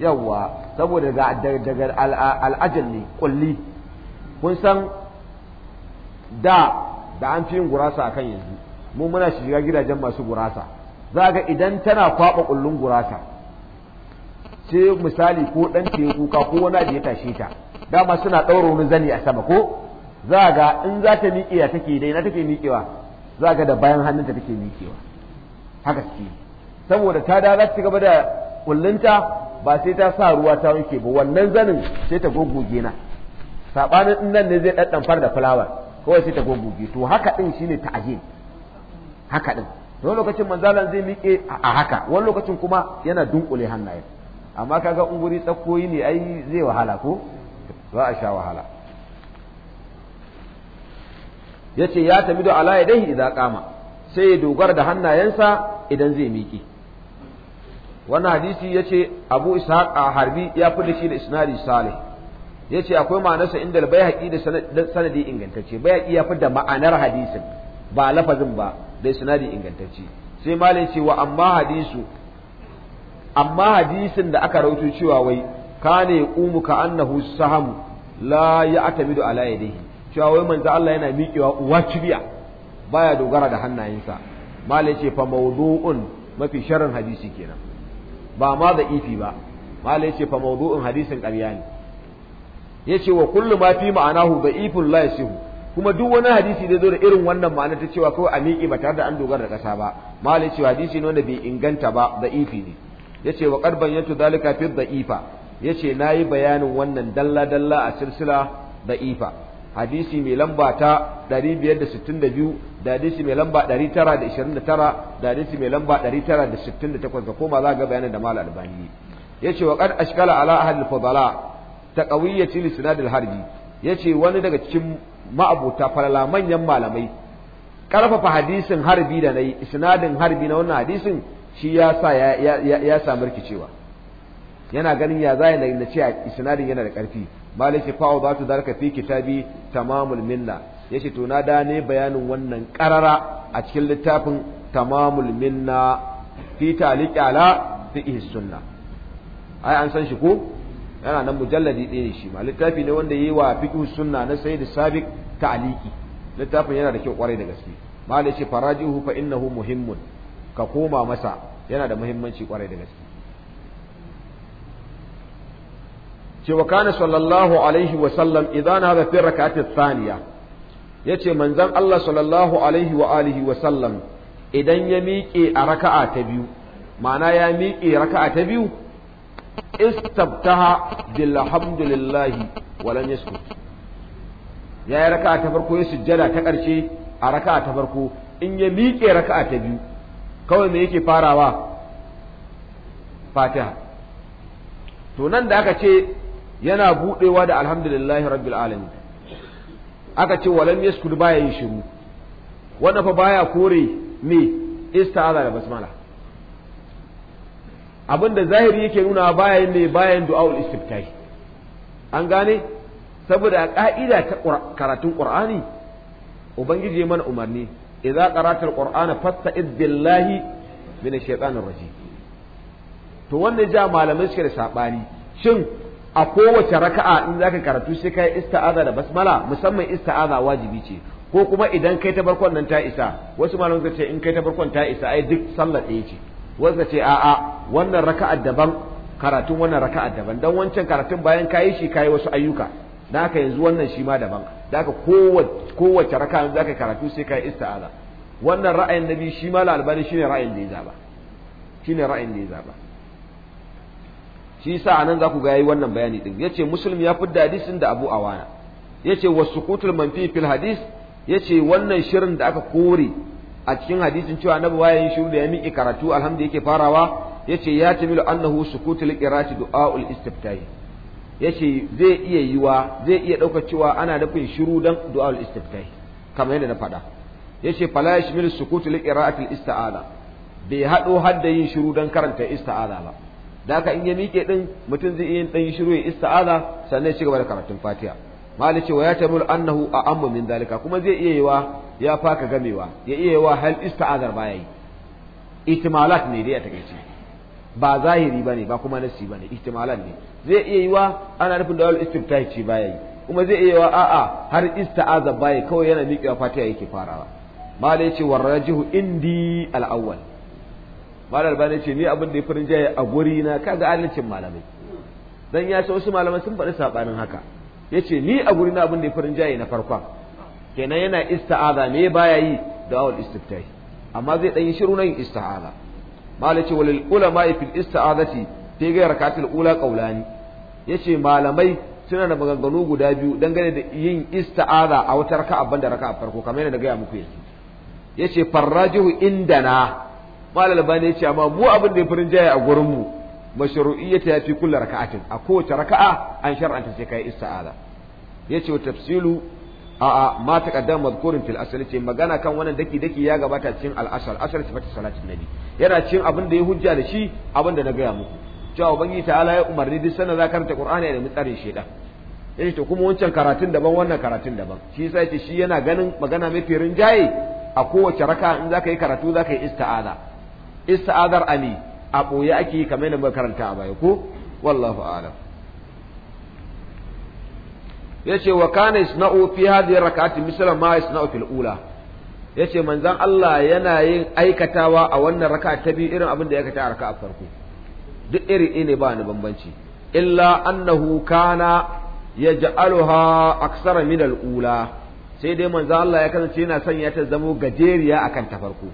yawa saboda daga al'ajal ne kulli kun san da da an fi yin gurasa akan yanzu mu muna shiga gidajen masu gurasa za ga idan tana kwaɓa kullun gurasa ce misali ko dan ce kuka ko wani da ya tashe ta dama suna ɗaura wani zani a sama ko za ga in za ta miƙe ya take dai na take miƙewa za ga da bayan hannunta take miƙewa haka suke saboda ta da za ta gaba da kullunta ba sai ta sa ruwa ta wanke ba wannan zanin sai ta goggoge na sabanin nan ne zai daddan far da fulawa. kawai sai ta goggoge to haka din shine ta'jil haka din to lokacin manzalan zai miƙe a haka wani lokacin kuma yana dunkule hannaye amma kaga unguri tsakkoyi ne ai zai wahala ko za a sha wahala yace ya tamidu ala yadayhi idza qama sai ya dogara da hannayensa idan zai miƙe wannan hadisi yace Abu Ishaq a Harbi ya fi da shi da isnadi salih yace akwai ma'anarsa inda bai haƙi da sanadi ingantacce haƙi ya fi da ma'anar hadisin ba lafazin ba da isnadi ingantacce sai malai ce wa amma hadisu amma hadisin da aka rauto cewa wai kane umu ka annahu sahamu la ya'tamidu ala yadihi cewa wai manzo Allah yana miƙewa uwa cibiya baya dogara da hannayensa malai ce fa mawdu'un mafi sharrin hadisi kenan ba ma da ifi ba malai ce fa mawdu'un hadisin ƙarya ne yace wa kullu ma fi ma'anahu da'ifun la yasihu kuma duk wani hadisi da zo da irin wannan ma'ana ta cewa kawai a miƙe ba tare da an dogara da ƙasa ba malai ce hadisi ne wanda bai inganta ba za'ifi ne yace wa qad bayyana dalika fi da'ifa yace nayi bayanin wannan dalla dalla a silsila da'ifa hadisi mai lamba ta 562 da hadisi mai lamba 929 da hadisi mai lamba 968 da koma za ga bayanin da mal albani yace wa qad ashkala ala ahli fadala taqawiyati li sinad al harbi yace wani daga cikin ma'abuta falala manyan malamai karfafa hadisin harbi da nayi isnadin harbi na wannan hadisin shi ya sa ya ya, rikicewa yana ganin ya zai na ce isnadin yana da karfi malaki fa'u ba su zalika fi kitabi tamamul minna yace to na da ne bayanin wannan karara a cikin littafin tamamul minna fi taliki ala fiqh sunna ai an san shi ko yana nan mujalladi ɗaya ne shi ma littafi ne wanda yi wa fiqh sunna na sayyid sabiq ta'aliki littafin yana da kyau kwarai da gaske malai ce in fa innahu muhimmun ka koma masa yana da muhimmanci kwarai da gaske ce kana sallallahu alaihi wa sallam idan hada fi rak'ati thaniya yace manzon Allah sallallahu alaihi wa alihi wa sallam idan ya miƙe a raka'a ta biyu ma'ana ya miƙe raka'a ta biyu istabtaha bil hamdulillahi wa lam yaskut ya yi raka'a ta farko ya sujjada ta ƙarshe a raka'a ta farko in ya miƙe raka'a ta biyu kawai me yake farawa fatiha to nan da aka ce yana buɗewa da alhamdulillahi rabbil alamin aka ce walam yaskud baya yin shiru wannan fa baya kore me istaza da basmala abinda zahiri yake nuna baya bayan ne bayan du'aul istiftahi an gane saboda a ka'ida ta karatun qur'ani ubangiji mana umarni idza qara'tal qur'ana fasta'iz billahi minash shaitanir rajim to wannan ja malamai suke da sabani shin a kowace raka'a in zaka karatu sai kai ista'aza da basmala musamman ista'aza wajibi ce ko kuma idan kai ta barkon nan ta isa wasu malamai suka ce in kai ta barkon ta isa ai duk sallar ɗaya ce wasu ce a'a wannan raka'a daban karatun wannan raka'a daban dan wancan karatun bayan kayi shi kayi wasu ayyuka da haka yanzu wannan shi ma daban da haka kowace raka'a in zaka karatu sai kayi ista'aza wannan ra'ayin nabi shi ma al-albani shine ra'ayin da ya zaba shine ra'ayin da ya zaba shi yasa anan za ku ga yayi wannan bayani din yace muslim ya dadi hadisin da abu awana yace wasukutul manfi fil hadis yace wannan shirin da aka kore a cikin hadisin cewa annabi waye yin shiru da ya miƙe karatu alhamdu yake farawa yace ya tamilu annahu sukutul qira'ati du'aul istiftahi yace zai iya yiwa zai iya ɗaukar cewa ana nufin shiru dan du'aul istiftahi kamar yadda na faɗa yace fala yashmilu sukutul qira'ati al-ista'ala bai haɗo hadda yin shiru don karanta ista'ala ba da haka in ya miƙe din mutum zai iya dan shiru ya ista'aza sannan ya ci gaba da karatun Fatiya. mali cewa ya tamul annahu a amma min dalika kuma zai iya yiwa ya faka gamewa ya iya yiwa hal ista'azar baya yi ihtimalat ne dai a takaice ba zahiri bane ba kuma nasi bane ihtimalat ne zai iya yiwa ana nufin da istiftahi ce baya yi kuma zai iya yiwa a'a har ista'aza baya kawai yana miƙewa Fatiha yake farawa mali cewa rajihu indi al-awwal malar bane ce ni abin da ya farin jaya a guri na kaga adalcin malamai dan ya ce wasu malamai sun faɗi sabanin haka yace ni a guri na abin da ya farin jaya na farkon kenan yana ista'aza me baya yi da awal istiftahi amma zai dan yi shiru nan ista'aza malar ce walil ulama fil ista'azati fi ga rakatul ula ya yace malamai suna da maganganu guda biyu dangane da yin ista'aza a wata raka'a banda raka'a farko kamar yadda na gaya muku yanzu yace farrajihu indana malal bani ce amma mu abin da ya furin jaya a gurin mu mashru'iyyata ya fi kullu raka'atin a kowace raka'a an shar'anta sai kai isti'aza yace wa tafsilu a a ma taqaddama madhkurun fil asl ce magana kan wannan daki daki ya gabata cikin al asr asal sifatu salatin nabi yana cikin abin da ya hujja da shi abin da na gaya muku cewa ubangiji ta'ala ya umarni duk sanin za karanta qur'ani da mutsarin shedan yace to kuma wancan karatun daban wannan karatun daban shi yasa yace shi yana ganin magana mai firin jaye a kowace raka in zaka yi karatu zaka yi ista'aza ista'azar ami a ɓoye ake yi kamar yadda makaranta a baya ko wallahu a'lam yace wa kana yasna'u fi hadhihi rak'ati misla ma yasna'u fil ula yace manzon Allah yana yin aikatawa a wannan raka ta biyu irin abin da ya aikata a raka'a farko duk iri ne ba ni bambanci illa annahu kana yaj'aluha aksara min al ula sai dai manzon Allah ya kasance yana sanya ta zamo gajeriya akan ta farko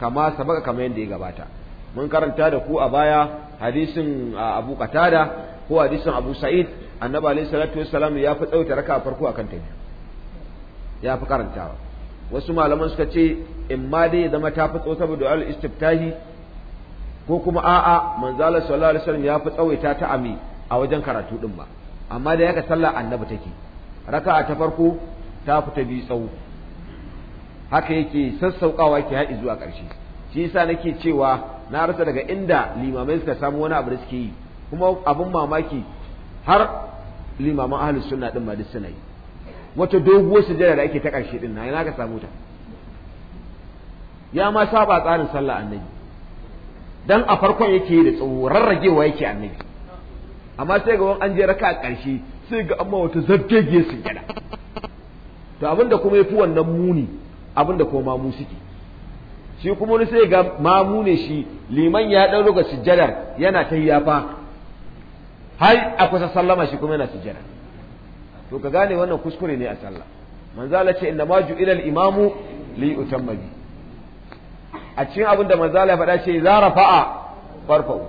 kama sabaka kama yadda ya gabata mun karanta da ku a baya hadisin Abu Qatada ko hadisin Abu Sa'id annabi alaihi salatu wassalam ya fi tsauta raka farko akan ta ya fi karantawa wasu malaman suka ce in ma dai ya zama ta fi tso saboda al istiftahi ko kuma a'a manzala sallallahu alaihi wasallam ya fi tsawaita ta ami a wajen karatu din ba amma da yaka sallah annabi take raka'a ta farko ta fi ta bi tsawo haka yake sassaukawa ke haɗi zuwa ƙarshe shi yasa nake cewa na rasa daga inda limamai suka samu wani abu da suke yi kuma abin mamaki har limaman ahli sunna din ma duk suna yi wata doguwar sujada da ake ta ƙarshe din na ina ka samu ta ya ma saba tsarin sallah annabi dan a farkon yake da tsawo rarragewa yake annabi amma sai ga wani an je raka a ƙarshe sai ga amma wata su sujada to abinda kuma yafi wannan muni abinda kuma mamu suke shi kuma wani sai ga mamu ne shi liman ya ɗan ruga sujjadar yana ta yafa har a kusa sallama shi kuma yana sujjada to ka gane wannan kuskure ne a sallah manzo Allah ce inna maju ilal imamu li utamma bi a cikin abin da manzo Allah ya faɗa ce za rafa'a farfa'u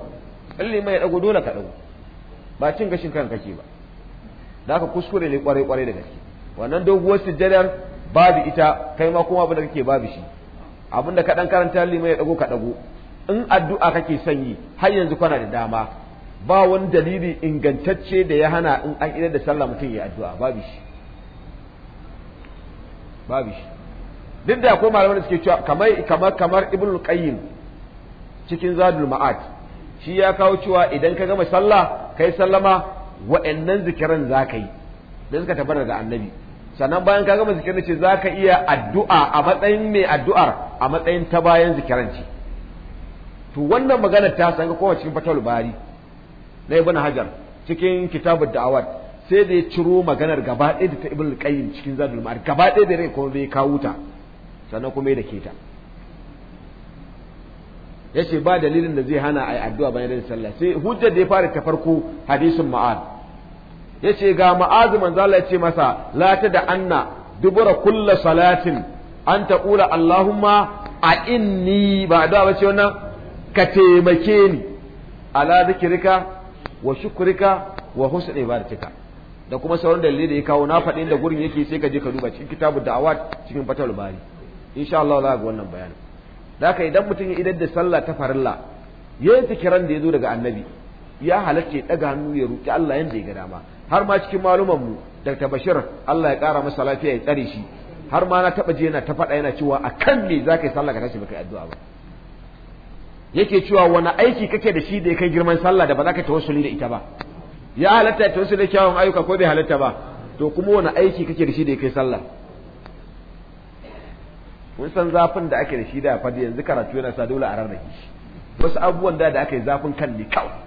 in liman ya dago dole ka dago ba cin gashin kan kake ba da haka kuskure ne kwarai kwarai da gaske wannan doguwar sujjadar babu ita kai ma kuma abin da kake babu shi abin da ka dan karanta limai ya dago ka ɗago in addu'a kake son yi har yanzu kana da dama ba wani dalili ingantacce da ya hana in an idar da sallah mutum ya addu'a babu shi babu shi duk da akwai malaman da suke cewa kamar kamar kamar ibnu qayyim cikin zadul ma'ad shi ya kawo cewa idan ka gama sallah kai sallama wa'annan zikiran za ka da suka tabbata ga annabi sannan bayan ka gama zikirin ce za ka iya addu'a a matsayin mai addu'ar a matsayin ta bayan zikiranci to wannan magana ta san ga kowace cikin fatal bari na ibn hajar cikin kitabud Da'awar, sai da ya ciro maganar gaba ɗaya da ta ibn qayyim cikin zadul ma'ad gaba ɗaya da rai kuma bai kawo ta sannan kuma ya dake ta yace ba dalilin da zai hana a yi addu'a bayan sallah sai hujjar da ya fara ta farko hadisin ma'ad Ya ce ga ma'azu manzo Allah yace masa la ta da anna dubura kulla salatin an ta kula Allahumma a inni ba da bace wannan ka taimake ni ala zikrika wa shukrika wa husni ibadatika da kuma sauran dalilai da ya kawo na faɗi da gurin yake sai ka je ka duba cikin kitabu da'awat cikin fatal bari insha Allah za ga wannan bayanin da haka idan mutum ya idan da sallah ta farilla yayin zikiran da ya zo daga annabi ya ya daga hannu ya ruki Allah yanda ya ga dama har ma cikin maluman mu Dr. Bashir Allah ya kara masa lafiya ya tsare shi har ma na taba je ta faɗa yana cewa akan me zaka yi sallah ka tashi baka addu'a ba yake cewa wani aiki kake da shi da ya kai girman sallah da ba za ka tawassuli da ita ba ya halatta ya tawassuli da kyawun ayyuka ko bai halatta ba to kuma wani aiki kake da shi da ya kai sallah kun san zafin da ake da shi da fadi yanzu karatu yana sa dole a rarrake shi wasu abubuwan da da aka yi zafin kan ne kawai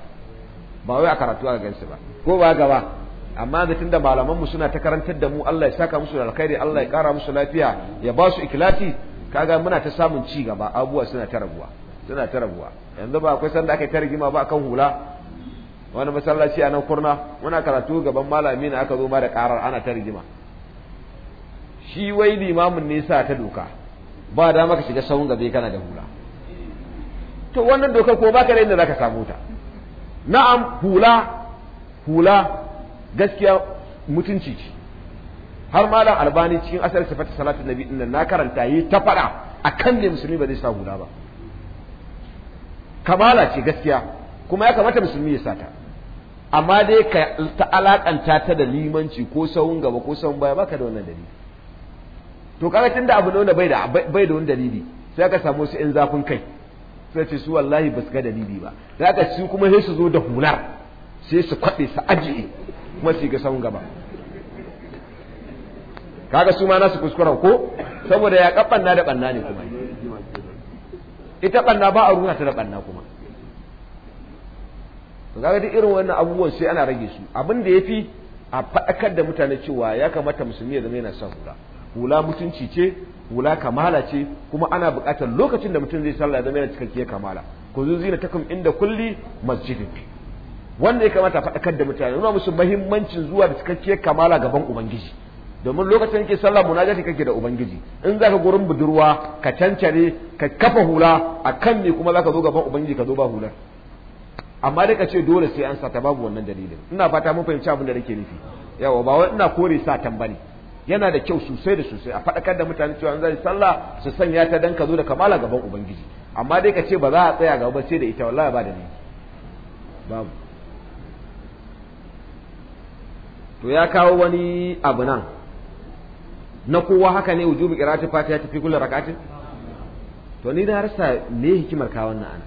ba wai a karatu aka gansu ba ko ba gaba amma da tunda malamanmu suna ta karantar da mu Allah ya saka musu da alkhairi Allah ya kara musu lafiya ya ba su ikilati kaga muna ta samun ci gaba abubuwa suna ta rabuwa suna ta rabuwa yanzu ba akwai sanda aka yi ta rigima ba akan hula wani masallaci a nan kurna muna karatu gaban malami na aka zo ma da karar ana ta rigima shi wai limamin nisa ta doka ba da maka shiga sahun gabe kana da hula to wannan dokar ko ba baka da inda ka samu ta na'am hula hula gaskiya mutunci ce har malam albani cikin asar sifatu salatu nabi din nan na karanta yi ta fada akan ne musulmi ba zai sa guda ba kamala ce gaskiya kuma ya kamata musulmi ya sata amma dai ka ta alakanta ta da limanci ko sawun gaba ko sawun baya baka da wannan dalili to kaga tunda abu ne bai da bai da wani dalili sai ka samu su in zafin kai sai ce su wallahi ba su ga dalili ba za ka su kuma sai su zo da hular sai su kwaɗe su ajiye kuma su ga saman gaba kaga su ma nasu kuskuren ko saboda ya kabanna da banna ne kuma ita banna ba a ruwa ta da banna kuma to kaga duk irin wannan abubuwan sai ana rage su abin da ya fi a faɗakar da mutane cewa ya kamata musulmi ya zama yana son hula hula mutunci ce hula kamala ce kuma ana buƙatar lokacin da mutum zai sallah ya zama yana cikakkiyar kamala ku zuzina takum inda kulli masjidin wanda ya kamata faɗakar da mutane nuna musu mahimmancin zuwa da cikakkiyar kamala gaban ubangiji domin lokacin yake sallah munajati kake da ubangiji in za ka gurin budurwa ka cancare ka kafa hula a kan ne kuma za ka zo gaban ubangiji ka zo ba hular amma dai ka ce dole sai an sata babu wannan dalilin ina fata mun fahimci abin da nake nufi yawa ba wai ina kore sa tambari yana da kyau sosai da sosai a faɗakar da mutane cewa an zai sallah su sanya ta dan ka zo da kamala gaban ubangiji amma dai ka ce ba za a tsaya gaba sai da ita wallahi ba da ni babu to ya kawo wani abu nan na kowa haka ne wujubi qira'ati fatiha ta fi kullu rak'atin to ni na rasa me hikimar kawo wannan ana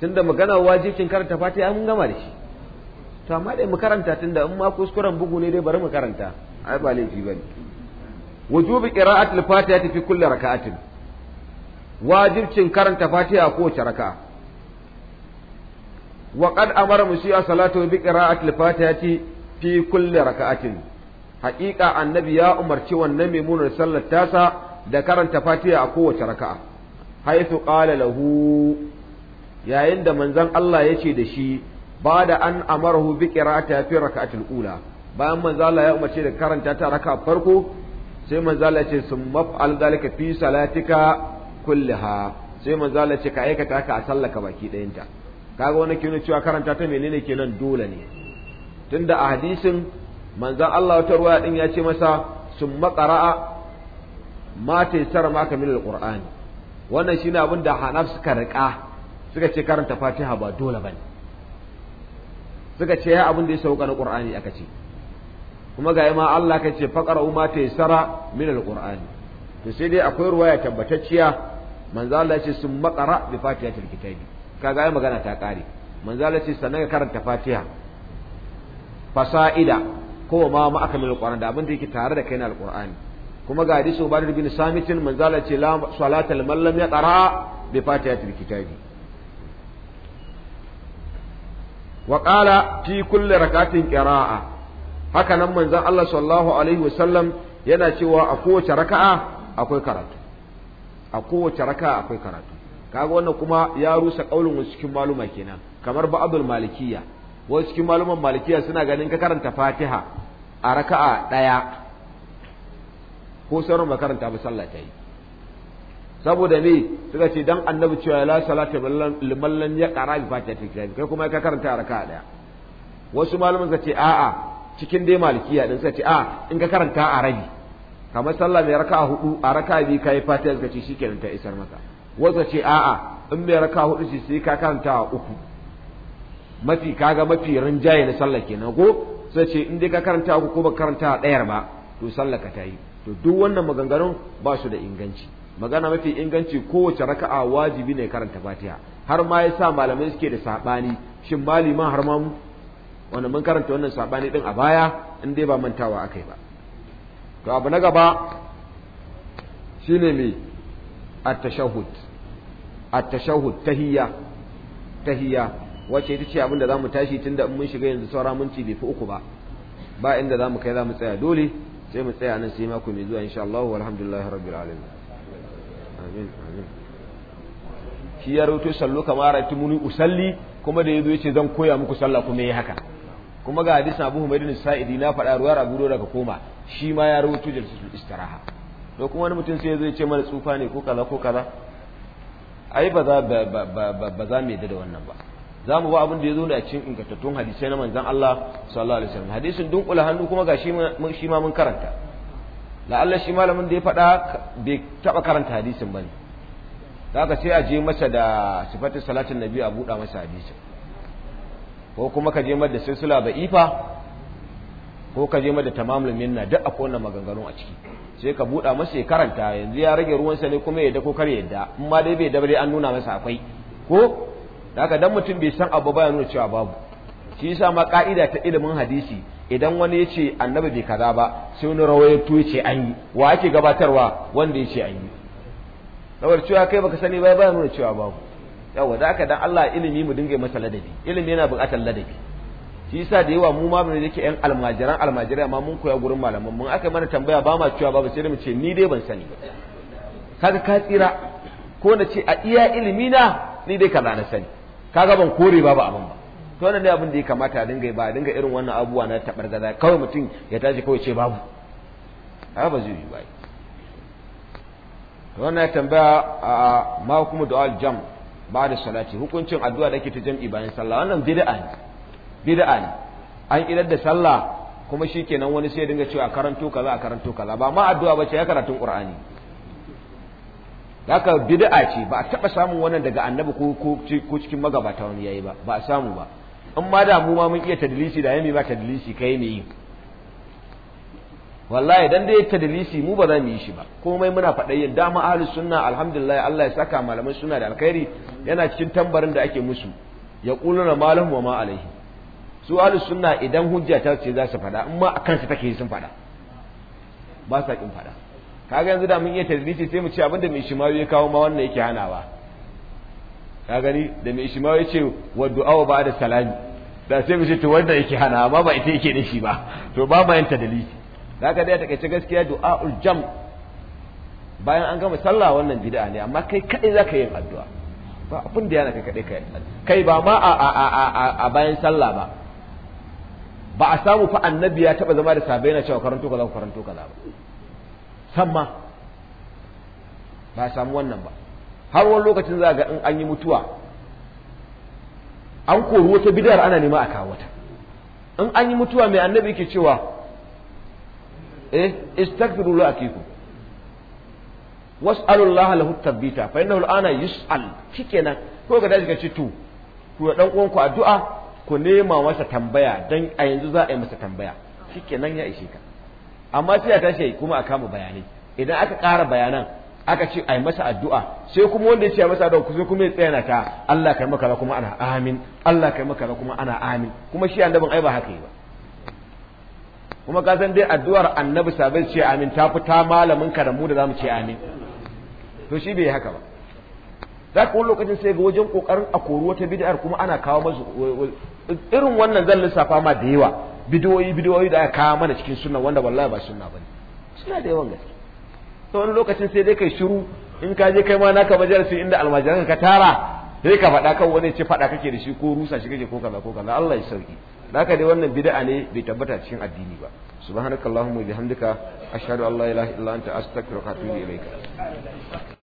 tunda magana wajibcin karanta fatiha mun gama da shi to amma dai mu karanta tunda in ma kuskuren bugu ne dai bari mu karanta ai ba laifi bane wujubi qira'ati al-fatiha fi kulli rak'atin wajibcin karanta fatiha a kowace raka'a wa qad amara musiya salatu bi qira'ati al-fatihati fi kulli raka'atin haqiqa annabi ya umarci wannan mai munar sallar tasa da karanta fatiha a kowace raka'a haythu qala lahu yayin da manzon Allah ya ce da shi ba da an amarahu bi qira'ati fi raka'atil ula bayan manzon Allah ya umarci da karanta ta raka'a farko sai manzon Allah ya ce summa fa'al zalika fi salatika kulliha sai manzon Allah ya ce ka aikata ka a sallaka baki ɗayanta kaga wani ke cewa karanta ta menene kenan dole ne tunda a hadisin manzon Allah wata ruwa din ya ce masa sun maƙara'a ma taisar ma kamil alqur'ani wannan shine abin da hanaf suka rika, suka ce karanta fatiha ba dole bane suka ce ya abin da ya sauka na qur'ani aka ce kuma ga ma Allah ka ce faqara ma sara min alqur'ani to sai dai akwai ruwaya tabbatacciya manzo Allah ya ce sun maqara bi fatihatil kitabi kaga ai magana ta kare manzala ce sannan ka karanta fatiha fasa'ida ko ma ma aka mil qur'an da abin da yake tare da kai na alqur'ani kuma ga hadisi ubadir bin samitin manzala ce la salatal mallam ya qara bi fatihatil kitabi wa qala fi kulli rakatin qira'a haka nan manzo Allah sallallahu alaihi Sallam yana cewa a kowace raka'a akwai karatu a kowace raka'a akwai karatu kaga wannan kuma ya rusa kaulin wasu cikin maluma kenan kamar abul malikiya wasu cikin maluman malikiya suna ganin ka karanta fatiha a raka'a daya ko sauran ba karanta ba sallah ta yi saboda ne suka ce dan annabi cewa la salata limallan ya yaqra bi ta kitab kai kuma ka karanta a raka'a daya wasu maluman suka ce a'a cikin dai malikiya din suka ce a in ka karanta a rabi kamar sallah mai raka'a hudu a raka'a bi kai fatiha suka ce shikenan ta isar maka wasu ce a'a in mai raka hudu ce sai ka karanta uku mafi kaga mafi rinjaye na sallah kenan ko sai ce in dai ka karanta uku ko ba karanta ɗayar ba to sallah ka tayi to duk wannan maganganun ba su da inganci magana mafi inganci kowace raka'a wajibi ne karanta fatiha har ma ya sa malamai suke da saɓani shin maliman har ma mu wanda mun karanta wannan saɓani ɗin a baya in dai ba mantawa akai ba to abu na gaba shine me at-tashahhud at-tashahhud tahiyya tahiyya wacce ita ce abin da zamu tashi tunda in mun shiga yanzu saura ci bai fi uku ba ba inda zamu kai zamu tsaya dole sai mu tsaya nan sai mako mai zuwa insha Allah walhamdulillah rabbil alamin amin amin shi ya rawaito sallu kama muni usalli kuma da yazo yace zan koya muku sallah kuma yayi haka kuma ga hadisin Abu Humayd bin Sa'idi na faɗa ruwar Abu Hurairah ka koma shi ma ya rawaito jalsatul istiraha to kuma wani mutum sai yazo yace mana tsufa ne ko kaza ko kaza ai ba za ba za mu yadda da wannan ba za mu ba abin da ya zo da cikin ingantattun hadisai na manzon Allah sallallahu alaihi wasallam hadisin dunkula hannu kuma ga shi ma mun karanta Allah shi malamin da ya faɗa bai taba karanta hadisin ba ne sai a je masa da sifatin salatin nabi a buɗa masa hadisin ko kuma ka je masa da silsila ba ifa ko ka je mada tamamul minna duk akwai wannan maganganun a ciki sai ka buɗa masa ya karanta yanzu ya rage ruwan sa ne kuma ya da ko kar yadda in ma dai bai da an nuna masa akwai ko haka dan mutum bai san abu ba ya nuna cewa babu shi yasa ma ka'ida ta ilimin hadisi idan wani ya ce annabi bai kaza ba sai wani rawayato ya ce an yi wa ake gabatarwa wanda ya ce an yi saboda cewa kai baka sani ba ba nuna cewa babu yawa da aka dan Allah ilimi mu dinga masa ladabi ilimi yana buƙatar ladabi shi yasa da yawa mu ma ba yake yan almajiran almajirai amma mun koya gurin malaman mun aka mana tambaya ba ma cewa ba sai mu ce ni dai ban sani kaga ka tsira ko na ce a iya ilimi na ni dai kaza na sani kaga ban kore ba ba abin ba to wannan ne abin da ya kamata a dinga ba a dinga irin wannan abubuwa na gaza kawai mutum ya tashi kawai ce babu a ba zai yi ba wannan ya tambaya a ma kuma da jam ba da salati hukuncin addu'a da ke ta jam'i bayan sallah wannan bid'a ne bid'a ne an idar da sallah kuma shikenan wani sai ya dinga cewa a karanto kaza a karanto kaza ba ma addu'a ba ce ya karatun qur'ani haka bid'a ce ba a taba samun wannan daga annabi ko ko cikin magabata wani yayi ba ba a samu ba in ma da mu ma mun iya tadlisi da yami ba tadlisi kai ne yi wallahi dan dai tadlisi mu ba za mu yi shi ba komai muna faɗa yin dama ahlus sunna alhamdulillah Allah ya saka malaman sunna da alkhairi yana cikin tambarin da ake musu yaquluna malahu wa ma alaihi su ahlus sunna idan hujja ta ce za su faɗa in ma a kansu take sun faɗa ba sa kin faɗa kaga yanzu da mun iya tadrisi sai mu ce abinda mai shimawi ya kawo ma wannan yake hanawa ka gani da mai shimawi ya ce wa du'a ba da salami da sai mu ce to wannan yake hana ba ba ita yake nishi ba to ba ma yin tadlisi zaka dai ta kace gaskiya du'aul jam bayan an gama sallah wannan bid'a ne amma kai kadai zaka yin addu'a ba abin da yana kai kadai kai kai ba ma a bayan sallah ba ba a samu fa annabi ya taba zama da sabai na cewa karanto kaza karanto kaza ba san ma ba a samu wannan ba har wani lokacin za ga in an yi mutuwa an kori wata bid'ar ana nema a kawo ta in an yi mutuwa mai annabi yake cewa eh istaghfiru la akikum was'alullaha lahu tabbita fa innahu al'ana yus'al shikenan ko ga dace ka ce to ku dan uwanku addu'a ku nema masa tambaya dan a yanzu za a yi masa tambaya shikenan ya ishe ka amma sai a tashi kuma a kama bayanai idan aka ƙara bayanan aka ce a yi masa addu'a sai kuma wanda ya ce masa addu'a kusa kuma ya tsayana ta Allah kai maka kuma ana amin Allah kai maka kuma ana amin kuma shi annabin ai ba haka yi ba kuma ka san dai addu'ar annabi sabai ce amin ta fi ta malamin ka da mu da zamu ce amin to shi bai haka ba za ka wani lokacin sai ga wajen kokarin a kori wata bid'ar kuma ana kawo masu irin wannan zan lissafa ma da yawa bidiyoyi bidiyoyi da aka kawo mana cikin sunna wanda wallahi ba sunna bane suna da yawan gaske to wani lokacin sai dai kai shiru in ka je kai ma naka majalisi inda almajiran ka tara sai ka faɗa kan wani ce faɗa kake da shi ko rusa shi kake ko kaza ko kaza Allah ya sauki haka dai wannan bid'a ne bai tabbata cikin addini ba subhanakallahumma wa bihamdika ashhadu an la ilaha illa anta astaghfiruka wa atubu ilaika